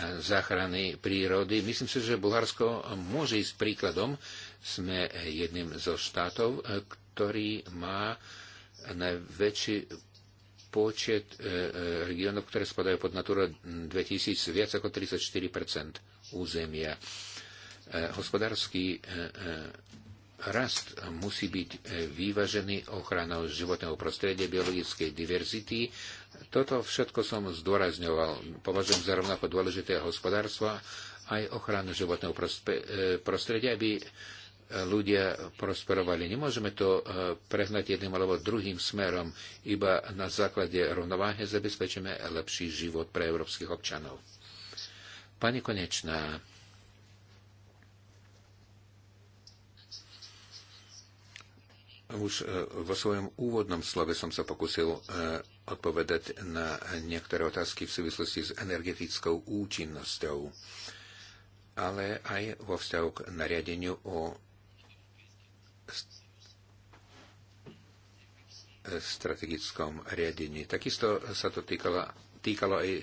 a záchrany prírody. Myslím si, že Bulharsko môže ísť príkladom. Sme jedným zo štátov, ktorý má najväčší počet e, e, regionov, ktoré spadajú pod Natura 2000, viac ako 34 územia. E, hospodársky rast musí byť vyvážený ochranou životného prostredia, biologickej diverzity. Toto všetko som zdôrazňoval. Považujem za rovnako dôležité hospodárstvo aj ochranu životného prostredia, aby ľudia prosperovali. Nemôžeme to e, prehnať jedným alebo druhým smerom. Iba na základe rovnováhy zabezpečíme lepší život pre európskych občanov. Pani Konečná, už e, vo svojom úvodnom slove som sa pokusil e, odpovedať na niektoré otázky v súvislosti s energetickou účinnosťou, ale aj vo vzťahu k nariadeniu o strategickom riadení. Takisto sa to týkalo, týkalo aj e,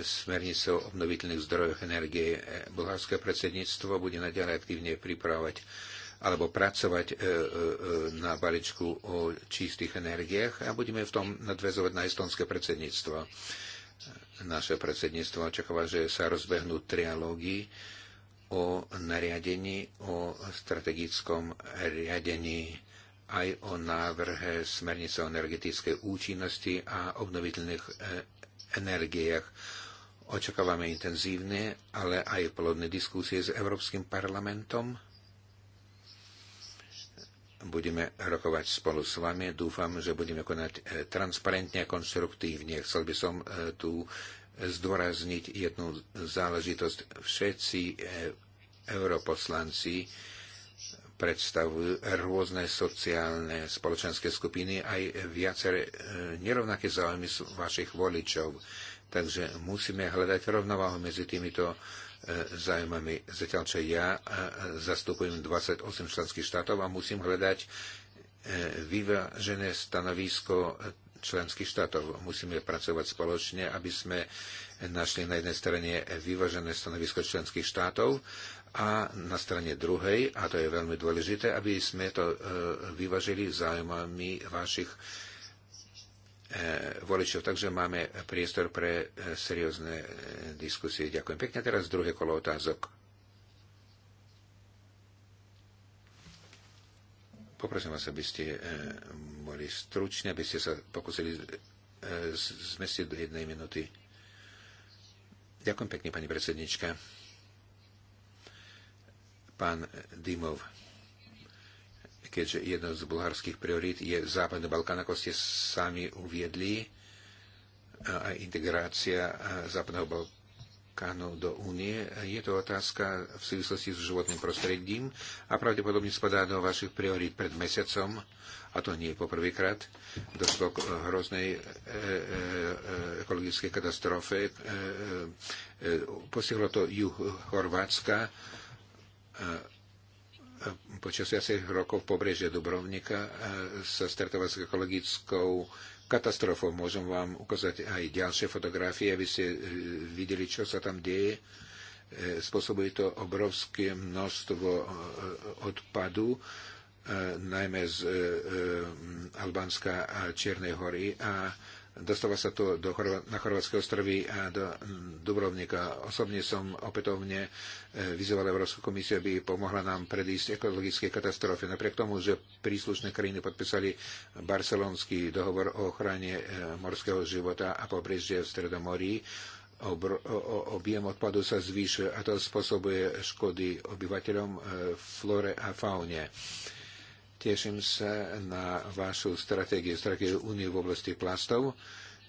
smernice o obnoviteľných zdrojoch energie. E, bulharské predsedníctvo bude naďalej aktívne pripravovať alebo pracovať e, na balíčku o čistých energiách a budeme v tom nadvezovať na estonské predsedníctvo. Naše predsedníctvo očakáva, že sa rozbehnú trialógy o nariadení, o strategickom riadení, aj o návrhe smernice o energetickej účinnosti a obnoviteľných e, energiách. Očakávame intenzívne, ale aj plodné diskusie s Európskym parlamentom. Budeme rokovať spolu s vami. Dúfam, že budeme konať e, transparentne a konstruktívne. Chcel by som e, tu zdôrazniť jednu záležitosť. Všetci eh, europoslanci predstavujú rôzne sociálne spoločenské skupiny aj viaceré eh, nerovnaké záujmy vašich voličov. Takže musíme hľadať rovnováhu medzi týmito eh, zájmami. Zatiaľ, čo ja zastupujem 28 členských štátov a musím hľadať vyvážené stanovisko členských štátov. Musíme pracovať spoločne, aby sme našli na jednej strane vyvážené stanovisko členských štátov a na strane druhej, a to je veľmi dôležité, aby sme to e, vyvážili zájmami vašich e, voličov. Takže máme priestor pre e, seriózne diskusie. Ďakujem pekne. Teraz druhé kolo otázok. Poprosím vás, aby ste eh, boli stručne, aby ste sa pokusili eh, zmestiť do jednej minuty. Ďakujem pekne, pani predsednička. Pán Dymov, keďže jednou z bulharských priorít je Západný Balkán, ako ste sami uviedli, a integrácia eh, Západného Balkánu orgánov do únie. Je to otázka v súvislosti s životným prostredím a pravdepodobne spadá do vašich priorít pred mesiacom, a to nie poprvýkrát, došlo k hroznej e, e, e, ekologickej katastrofe. postihlo to juh Chorvátska. počas viacerých rokov pobrežia Dubrovnika sa stretáva s ekologickou katastrofou. Môžem vám ukázať aj ďalšie fotografie, aby ste e, videli, čo sa tam deje. E, spôsobuje to obrovské množstvo e, odpadu, najmä z Albánska a Čiernej hory. A Dostáva sa to do, na Chorvátske ostrovy a do mm, Dubrovnika. Osobne som opätovne e, vyzvala Európsku komisiu, aby pomohla nám predísť ekologické katastrofy. Napriek tomu, že príslušné krajiny podpísali barcelonský dohovor o ochrane e, morského života a pobrežia v Stredomorí, obr, objem odpadu sa zvýšuje a to spôsobuje škody obyvateľom, e, flore a faune. E, Teším sa na vašu stratégiu, stratégiu Unii v oblasti plastov.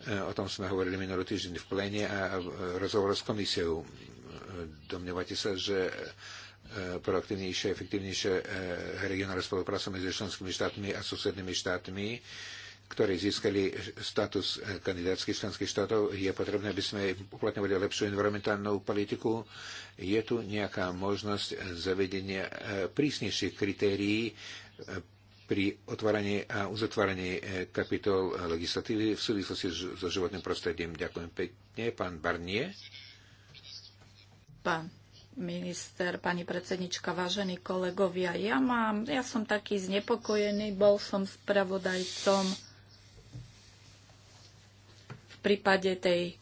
E, o tom sme hovorili minulý týždeň v plene a e, rozhovor s komisiou. E, domnievate sa, že proaktívnejšia, efektívnejšia regionálna spolupráca medzi členskými štátmi a susednými štátmi, ktorí získali status kandidátskych členských štátov, je potrebné, aby sme uplatňovali lepšiu environmentálnu politiku. Je tu nejaká možnosť zavedenia prísnejších kritérií pri otváraní a uzatváraní e, kapitol e, legislatívy v súvislosti so životným prostredím. Ďakujem pekne. Pán Barnier. Pán minister, pani predsednička, vážení kolegovia, ja, mám, ja som taký znepokojený, bol som spravodajcom v prípade tej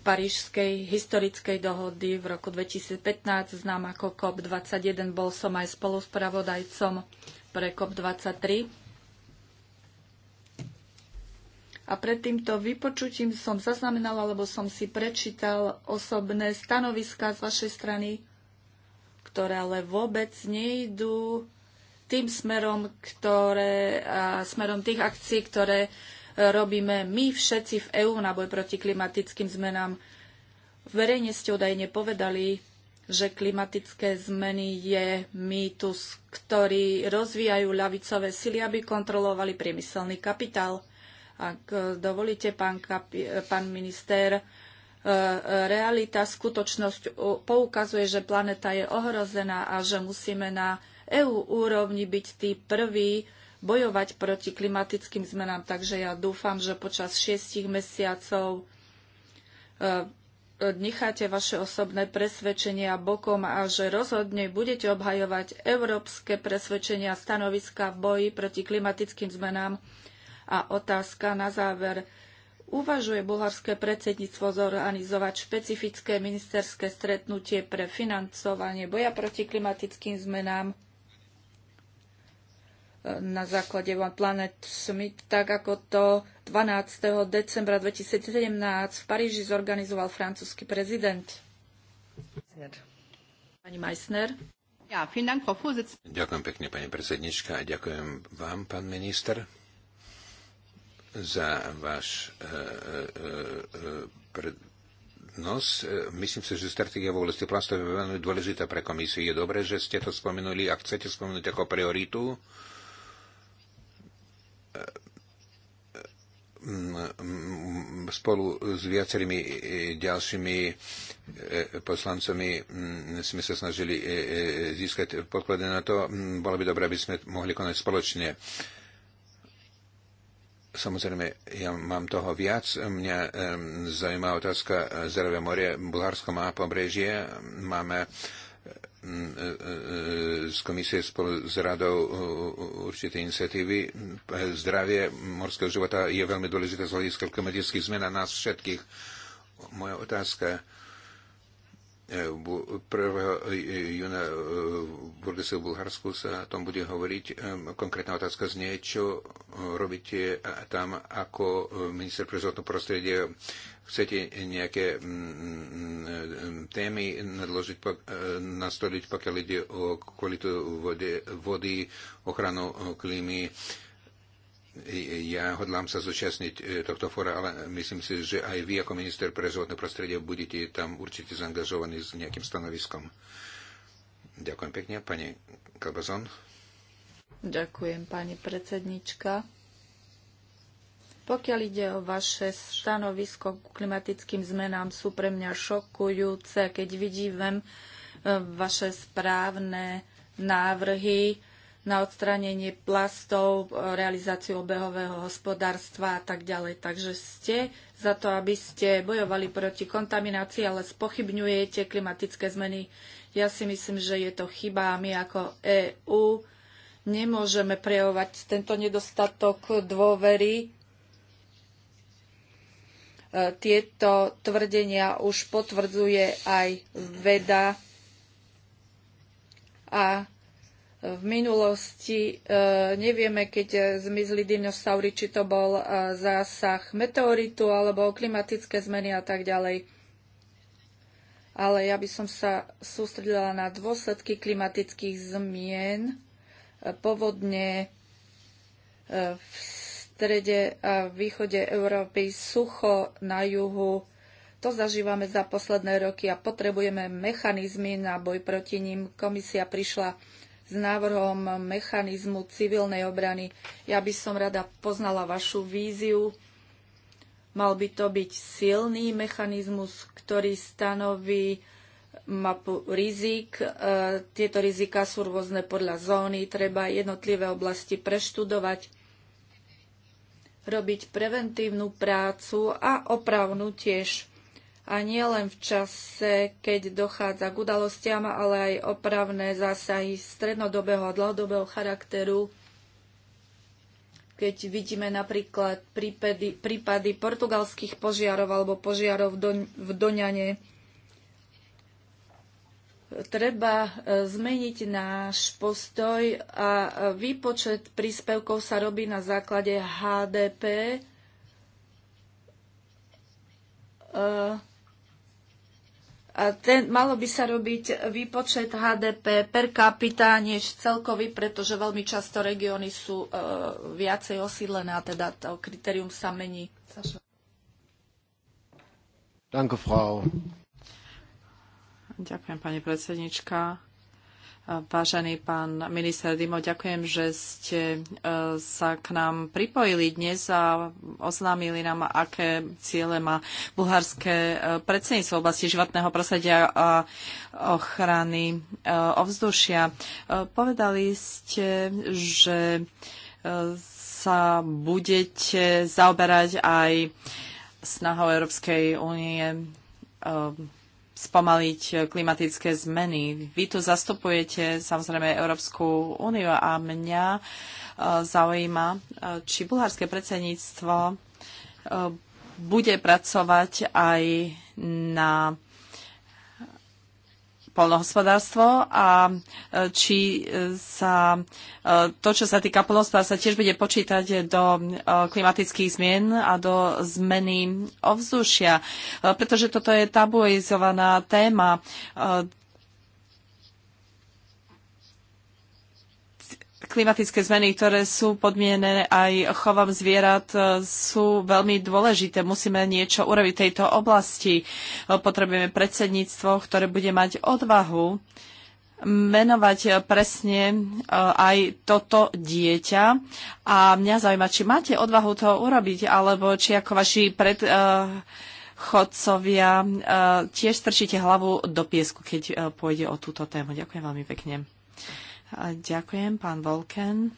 Parížskej historickej dohody v roku 2015, znám ako COP21, bol som aj spoluspravodajcom pre COP23. A pred týmto vypočutím som zaznamenala, alebo som si prečítal osobné stanoviská z vašej strany, ktoré ale vôbec nejdú tým smerom, ktoré, a smerom tých akcií, ktoré e, robíme my všetci v EÚ na boj proti klimatickým zmenám. Verejne ste údajne povedali, že klimatické zmeny je mýtus, ktorý rozvíjajú ľavicové sily, aby kontrolovali priemyselný kapitál. Ak e, dovolíte, pán, kapi, e, pán minister, e, realita, skutočnosť poukazuje, že planéta je ohrozená a že musíme na EU úrovni byť tí prví bojovať proti klimatickým zmenám. Takže ja dúfam, že počas šiestich mesiacov necháte vaše osobné presvedčenia bokom a že rozhodne budete obhajovať európske presvedčenia stanoviska v boji proti klimatickým zmenám. A otázka na záver. Uvažuje bulharské predsedníctvo zorganizovať špecifické ministerské stretnutie pre financovanie boja proti klimatickým zmenám na základe One Planet Summit, tak ako to 12. decembra 2017 v Paríži zorganizoval francúzsky prezident. Pani Meissner. Ja, Dank, ďakujem pekne, pani predsednička, a ďakujem vám, pán minister, za váš e, eh, eh, eh, pred, nos. Myslím si, že stratégia v oblasti plastov je veľmi dôležitá pre komisiu. Je dobré, že ste to spomenuli a chcete spomenúť ako prioritu spolu s viacerými e, ďalšími e, poslancami sme sa snažili e, získať podklady na to. Bolo by dobré, aby sme mohli konať spoločne. Samozrejme, ja mám toho viac. Mňa zaujíma otázka Zerové more. Bulharsko má pobrežie. Máme Mm, e, e, e, z komisie spolu s radou určité iniciatívy. Zdravie morského života je veľmi dôležité z hľadiska klimatických zmien a nás všetkých. Moja otázka 1. Eh, eh, júna eh, v Burgese v Bulharsku sa o tom bude hovoriť. Konkrétna otázka z niečo robíte tam ako minister pre životné prostredie. Chcete nejaké mm, mm, mm, témy nadložiť, nastoliť, pokiaľ ide o kvalitu vody, vody ochranu klímy, ja hodlám sa zúčastniť e, tohto fóra, ale myslím si, že aj vy ako minister pre životné prostredie budete tam určite zaangažovaní s nejakým stanoviskom. Ďakujem pekne, pani Kalbazon. Ďakujem, pani predsednička. Pokiaľ ide o vaše stanovisko k klimatickým zmenám, sú pre mňa šokujúce, keď vidím e, vaše správne návrhy na odstránenie plastov, realizáciu obehového hospodárstva a tak ďalej. Takže ste za to, aby ste bojovali proti kontaminácii, ale spochybňujete klimatické zmeny. Ja si myslím, že je to chyba a my ako EÚ nemôžeme prejavovať tento nedostatok dôvery e, tieto tvrdenia už potvrdzuje aj veda a v minulosti e, nevieme, keď e, zmizli dinosaury, či to bol e, zásah meteoritu alebo klimatické zmeny a tak ďalej. Ale ja by som sa sústredila na dôsledky klimatických zmien, povodne v strede a východe Európy, sucho na juhu. To zažívame za posledné roky a potrebujeme mechanizmy na boj proti ním. Komisia prišla s návrhom mechanizmu civilnej obrany. Ja by som rada poznala vašu víziu. Mal by to byť silný mechanizmus, ktorý stanoví mapu rizik. E, tieto rizika sú rôzne podľa zóny. Treba jednotlivé oblasti preštudovať, robiť preventívnu prácu a opravnú tiež a nie len v čase, keď dochádza k udalostiam, ale aj opravné zásahy strednodobého a dlhodobého charakteru. Keď vidíme napríklad prípady, prípady portugalských požiarov alebo požiarov v, Doňane, treba e, zmeniť náš postoj a výpočet príspevkov sa robí na základe HDP. E, ten, malo by sa robiť výpočet HDP per capita než celkový, pretože veľmi často regióny sú e, viacej osídlené a teda to kritérium sa mení. Danke, Frau. Ďakujem, pani predsednička. Vážený pán minister Dimo, ďakujem, že ste e, sa k nám pripojili dnes a oznámili nám, aké ciele má bulharské e, predsedníctvo v oblasti životného prostredia a ochrany e, ovzdušia. Povedali ste, že sa budete zaoberať aj snahou Európskej únie spomaliť eh, klimatické zmeny. Vy tu zastupujete samozrejme Európsku úniu a mňa eh, zaujíma, eh, či bulharské predsedníctvo bude pracovať aj na polnohospodárstvo a e, či e, sa e, to, čo sa týka polnohospodárstva, tiež bude počítať do klimatických zmien a do zmeny ovzdušia, pretože toto je tabuizovaná téma. klimatické zmeny, ktoré sú podmienené aj chovom zvierat, e, sú veľmi dôležité. Musíme niečo urobiť v tejto oblasti. E, Potrebujeme predsedníctvo, ktoré bude mať odvahu menovať e, presne aj toto dieťa. A mňa zaujíma, či máte odvahu to urobiť, alebo či ako vaši pred, chodcovia tiež strčíte hlavu do piesku, keď pôjde o túto tému. Ďakujem veľmi pekne. Ďakujem, pán Volken.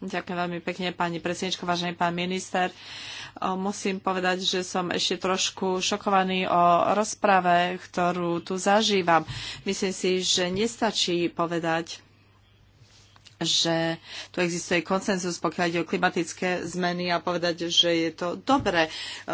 Ďakujem veľmi pekne, pani predsedničko, vážený pán minister. Musím povedať, že som ešte trošku šokovaný o rozprave, ktorú tu zažívam. Myslím si, že nestačí povedať, že tu existuje konsenzus, pokiaľ ide o klimatické zmeny a povedať, že je to dobré. Eh,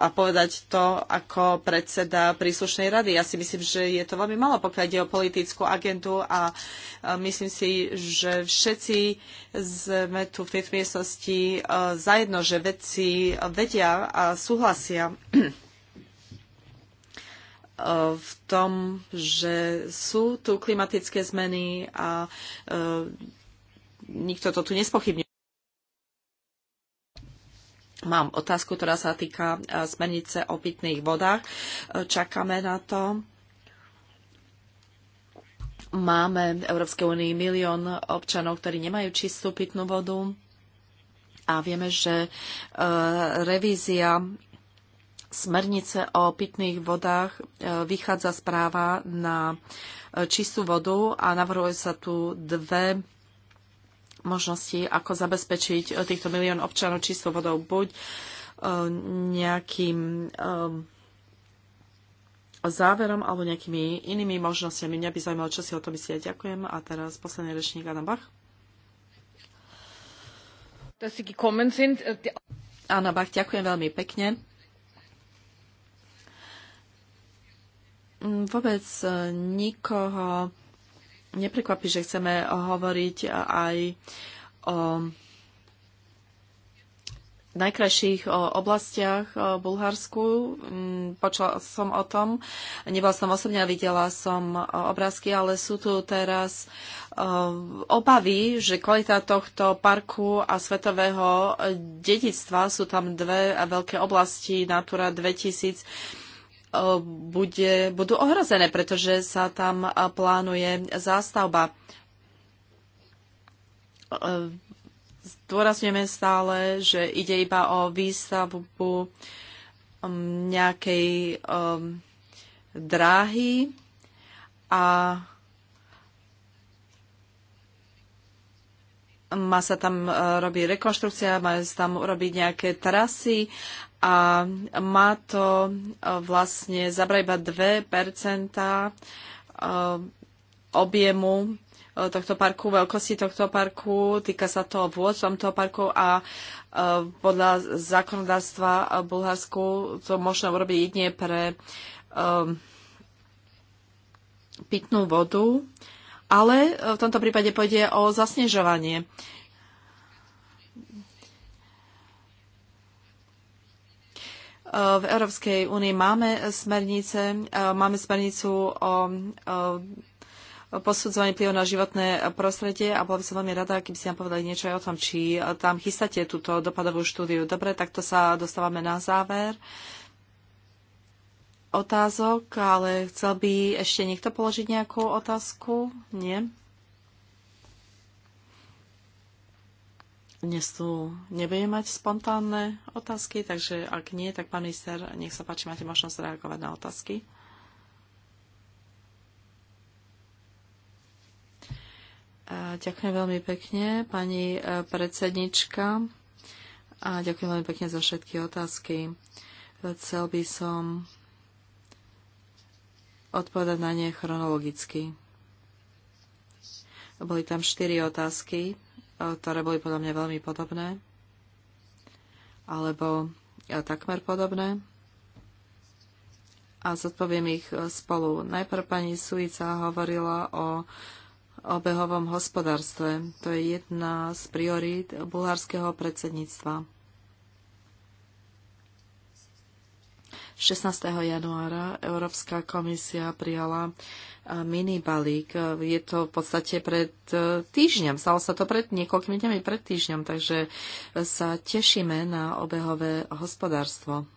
a povedať to ako predseda príslušnej rady. Ja si myslím, že je to veľmi malo, pokiaľ ide o politickú agendu a eh, myslím si, že všetci sme tu v tejto miestnosti eh, zajedno, že vedci vedia a súhlasia v tom, že sú tu klimatické zmeny a e, nikto to tu nespochybňuje. Mám otázku, ktorá sa týka e, smernice o pitných vodách. E, čakáme na to. Máme v Európskej únii milión občanov, ktorí nemajú čistú pitnú vodu a vieme, že revízia smernice o pitných vodách e, vychádza správa na e, čistú vodu a navrhuje sa tu dve možnosti, ako zabezpečiť e, týchto milión občanov čistou vodou. Buď nejakým záverom alebo nejakými inými možnosťami. Mňa by zaujímalo, čo si o to myslia. Ďakujem. A teraz posledný rečník Adam Bach. Anna äh, Bach, ďakujem veľmi pekne Mm, vôbec e, nikoho neprekvapí, že chceme hovoriť aj o najkrajších oblastiach v Bulharsku. Mm, počula som o tom, nebola som osobne, videla som obrázky, ale sú tu teraz e, obavy, že kvalita tohto parku a svetového dedictva sú tam dve veľké oblasti, Natura 2000, bude, budú ohrozené, pretože sa tam plánuje zástavba. Zdôrazňujeme stále, že ide iba o výstavbu um, nejakej um, dráhy a má sa tam e, robiť rekonštrukcia, má sa tam urobiť nejaké trasy a má to e, vlastne zabrať iba 2 e, objemu tohto parku, veľkosti tohto parku, týka sa to vôd tomto parku a podľa zákonodárstva v Bulharsku to možno urobiť jedine pre pitnú vodu ale e, v tomto prípade pôjde o zasnežovanie. E, v Európskej únii máme smernice, e, máme smernicu o posudzovaní vplyvu na životné prostredie a bola by som veľmi rada, keby ste nám povedali niečo aj o tom, či tam chystáte túto dopadovú štúdiu. Dobre, takto sa dostávame na záver otázok, ale chcel by ešte niekto položiť nejakú otázku? Nie? Dnes tu nebudeme mať spontánne otázky, takže ak nie, tak pán minister, nech sa páči, máte možnosť reagovať na otázky. Ďakujem veľmi pekne, pani e, predsednička. A ďakujem veľmi pekne za všetky otázky. Chcel by som odpovedať na ne chronologicky. Boli tam štyri otázky, e, ktoré boli podľa mňa veľmi podobné, alebo e, takmer podobné. A zodpoviem ich e, spolu. Najprv pani Suica hovorila o obehovom hospodárstve. To je jedna z priorít bulharského predsedníctva. 16. januára Európska komisia prijala eh, mini balík. Je to v podstate pred eh, týždňom. Stalo sa to pred niekoľkými dňami pred týždňom, takže eh, sa tešíme na obehové hospodárstvo.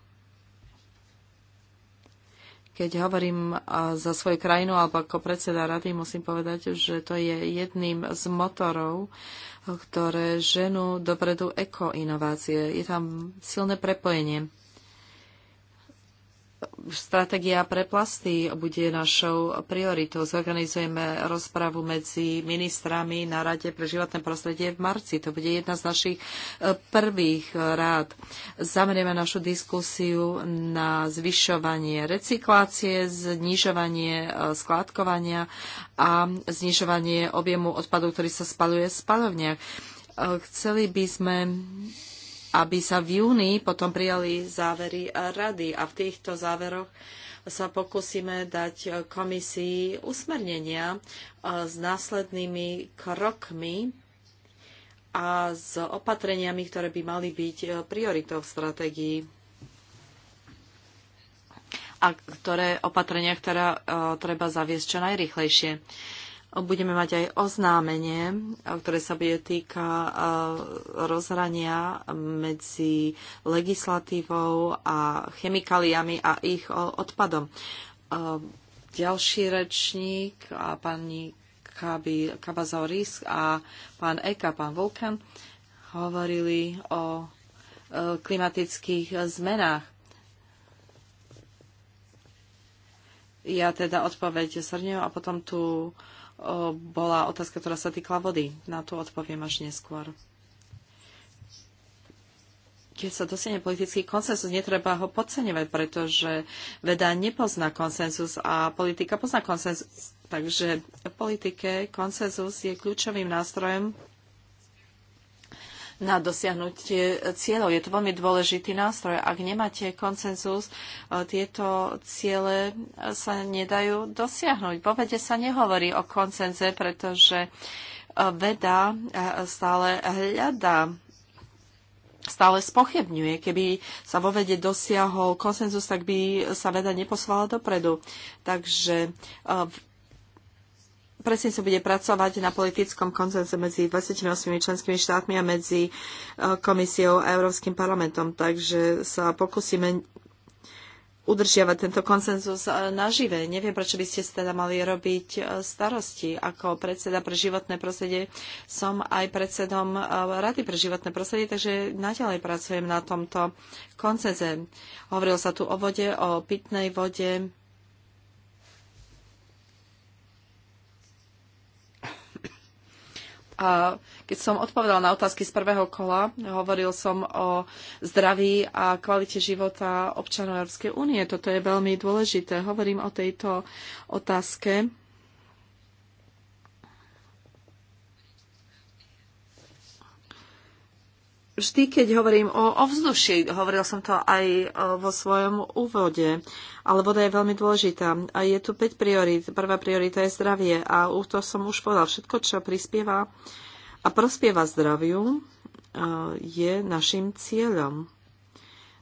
Keď hovorím za svoju krajinu alebo ako predseda rady, musím povedať, že to je jedným z motorov, ktoré ženú dopredu ekoinovácie. Je tam silné prepojenie Stratégia pre plasty bude našou prioritou. Zorganizujeme rozpravu medzi ministrami na Rade pre životné prostredie v marci. To bude jedna z našich e, prvých rád. Zamerieme našu diskusiu na zvyšovanie recyklácie, znižovanie e, skládkovania a znižovanie objemu odpadu, ktorý sa spaluje v spalovniach. E, chceli by sme aby sa v júni potom prijali závery rady a v týchto záveroch sa pokúsime dať komisii usmernenia e, s následnými krokmi a s opatreniami, ktoré by mali byť e, prioritou v stratégii a ktoré opatrenia, ktoré e, treba zaviesť čo najrychlejšie budeme mať aj oznámenie, eh, ktoré sa bude týka eh, rozhrania medzi legislatívou a chemikáliami a ich eh, odpadom. Ďalší rečník, a pani Kabazoris a pán Eka, pán Vulkan, hovorili o klimatických zmenách. Ja teda odpoveď zhrňujem a potom tu uh, bola otázka, ktorá sa týkla vody. Na to odpoviem až neskôr. Keď sa dosiahne politický konsensus, netreba ho podceňovať, pretože veda nepozná konsensus a politika pozná konsensus. Takže v politike konsenzus je kľúčovým nástrojom na dosiahnutie cieľov. Je to veľmi dôležitý nástroj. Ak nemáte koncenzus, e, tieto ciele sa nedajú dosiahnuť. Po vede sa nehovorí o koncenze, pretože e, veda e, stále hľadá stále spochybňuje. Keby sa vo vede dosiahol konsenzus, tak by sa veda neposlala dopredu. Takže presne sa bude pracovať na politickom koncenze medzi 28 členskými štátmi a medzi e, komisiou a Európskym parlamentom. Takže sa pokúsime udržiavať tento konsenzus e, nažive. Neviem, prečo by ste teda mali robiť e, starosti. Ako predseda pre životné prostredie som aj predsedom Rady pre životné prostredie, takže naďalej pracujem na tomto konsenze. Hovorilo sa tu o vode, o pitnej vode, A keď som odpovedala na otázky z prvého kola, hovoril som o zdraví a kvalite života občanov Európskej únie. Toto je veľmi dôležité. Hovorím o tejto otázke vždy, keď hovorím o ovzduši, hovoril som to aj e, vo svojom úvode, ale voda je veľmi dôležitá. A je tu 5 priorít. Prvá priorita je zdravie a to som už povedal. Všetko, čo prispieva a prospieva zdraviu, e, je našim cieľom.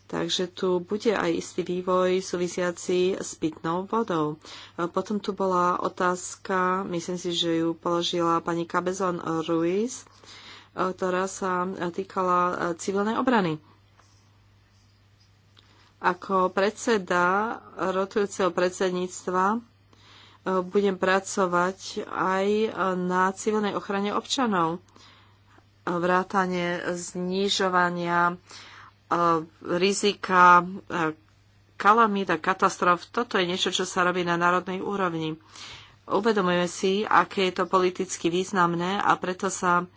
Takže tu bude aj istý vývoj súvisiaci s pitnou vodou. E, potom tu bola otázka, myslím si, že ju položila pani Cabezon Ruiz, ktorá sa týkala eh, civilnej obrany. Ako predseda rotujúceho predsedníctva eh, budem pracovať aj na civilnej ochrane občanov. Vrátanie znižovania eh, rizika kalamita, a katastrof. Toto je niečo, čo sa robí na národnej úrovni. Uvedomujeme si, aké je to politicky významné a preto sa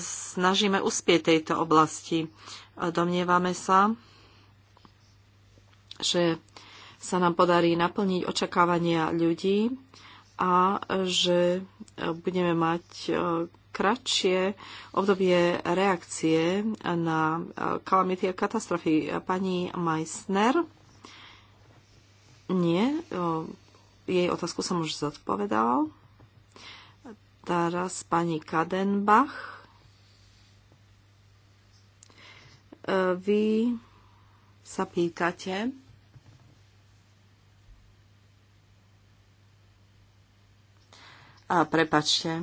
snažíme uspieť tejto oblasti. Domnievame sa, že sa nám podarí naplniť očakávania ľudí a že e, budeme mať e, kratšie obdobie reakcie na e, kalamity a katastrofy. Pani Meissner, nie, jej otázku som už zodpovedal. Teraz pani Kadenbach. Vy sa pýtate, a prepačte,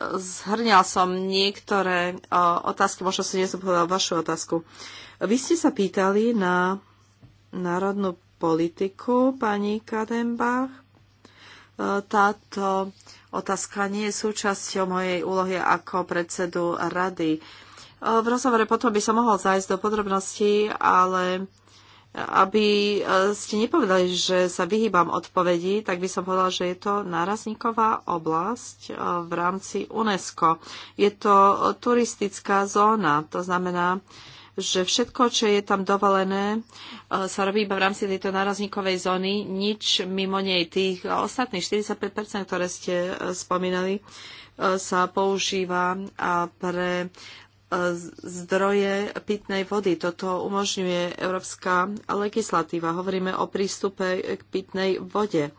zhrňal som niektoré otázky, možno si nezodpovedal vašu otázku. Vy ste sa pýtali na národnú politiku pani Kadenbach. E, táto otázka nie je súčasťou mojej úlohy ako predsedu rady. V rozhovore potom by som mohol zájsť do podrobností, ale aby ste nepovedali, že sa vyhýbam odpovedi, tak by som povedala, že je to nárazníková oblasť v rámci UNESCO. Je to turistická zóna, to znamená, že všetko, čo je tam dovolené, e, sa robí iba v rámci tejto nárazníkovej zóny, nič mimo nej. Tých ostatných 45%, ktoré ste e, spomínali, e, sa používa pre zdroje pitnej vody. Toto umožňuje európska legislatíva. Hovoríme o prístupe k pitnej vode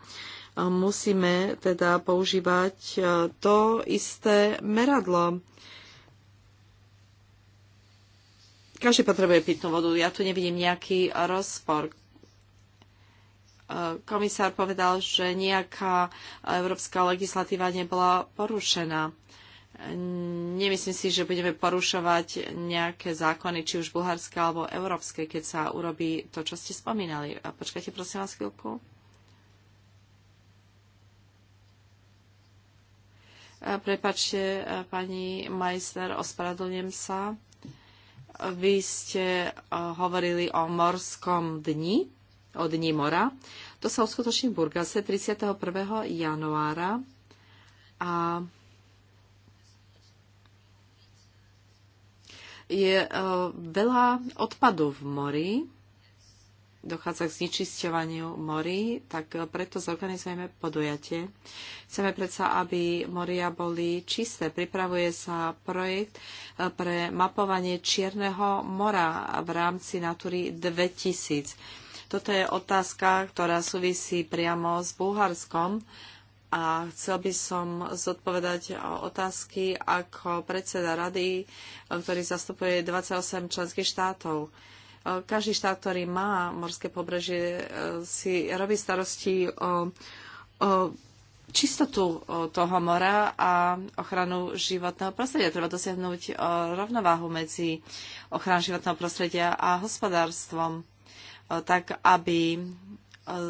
musíme teda používať to isté meradlo každý potrebuje pitnú vodu. Ja tu nevidím nejaký rozpor. E, komisár povedal, že nejaká európska legislatíva nebola porušená. Nemyslím si, že budeme porušovať nejaké zákony, či už bulharské alebo európske, keď sa urobí to, čo ste spomínali. počkajte, prosím vás chvíľku. E, prepačte, e, pani Majster, ospravedlňujem sa. Vy ste eh, hovorili o morskom dni, o dni mora. To sa uskutoční v Burgase 31. januára a je eh, veľa odpadu v mori dochádza k znečisťovaniu morí, tak preto zorganizujeme podujatie. Chceme predsa, aby moria boli čisté. Pripravuje sa projekt eh, pre mapovanie Čierneho mora v rámci Natury 2000. Toto je otázka, ktorá súvisí priamo s Bulharskom a chcel by som zodpovedať otázky ako predseda rady, eh, ktorý zastupuje 28 členských štátov. Každý štát, ktorý má morské pobrežie, e, si robí starosti o, o čistotu toho mora a ochranu životného prostredia. Treba dosiahnuť e, rovnováhu medzi ochranou životného prostredia a hospodárstvom, e, tak aby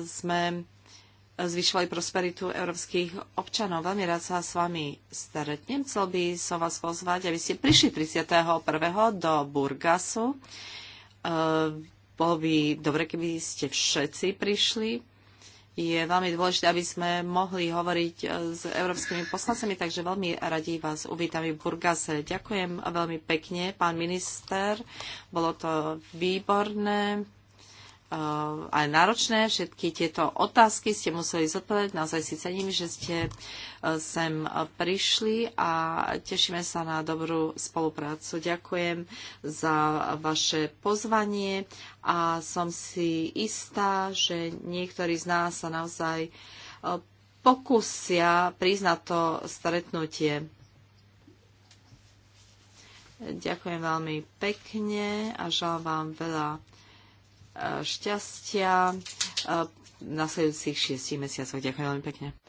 sme zvyšovali prosperitu európskych občanov. Veľmi rád sa s vami stretnem. Chcel by som vás pozvať, aby ste prišli 31. do Burgasu Eh, bolo by dobre, keby ste všetci prišli. Je veľmi dôležité, aby sme mohli hovoriť eh, s európskymi poslancami, takže veľmi radi vás uvítam v Burgase. Ďakujem veľmi pekne, pán minister. Bolo to výborné. Eh, aj náročné. Všetky tieto otázky ste museli zodpovedať. Naozaj si cením, že ste eh, sem eh, prišli a tešíme sa na dobrú spoluprácu. Ďakujem za vaše pozvanie a som si istá, že niektorí z nás sa naozaj pokúsia prísť na to stretnutie. Ďakujem veľmi pekne a želám vám veľa šťastia eh, v nasledujúcich šiestich mesiacoch. Ďakujem veľmi pekne.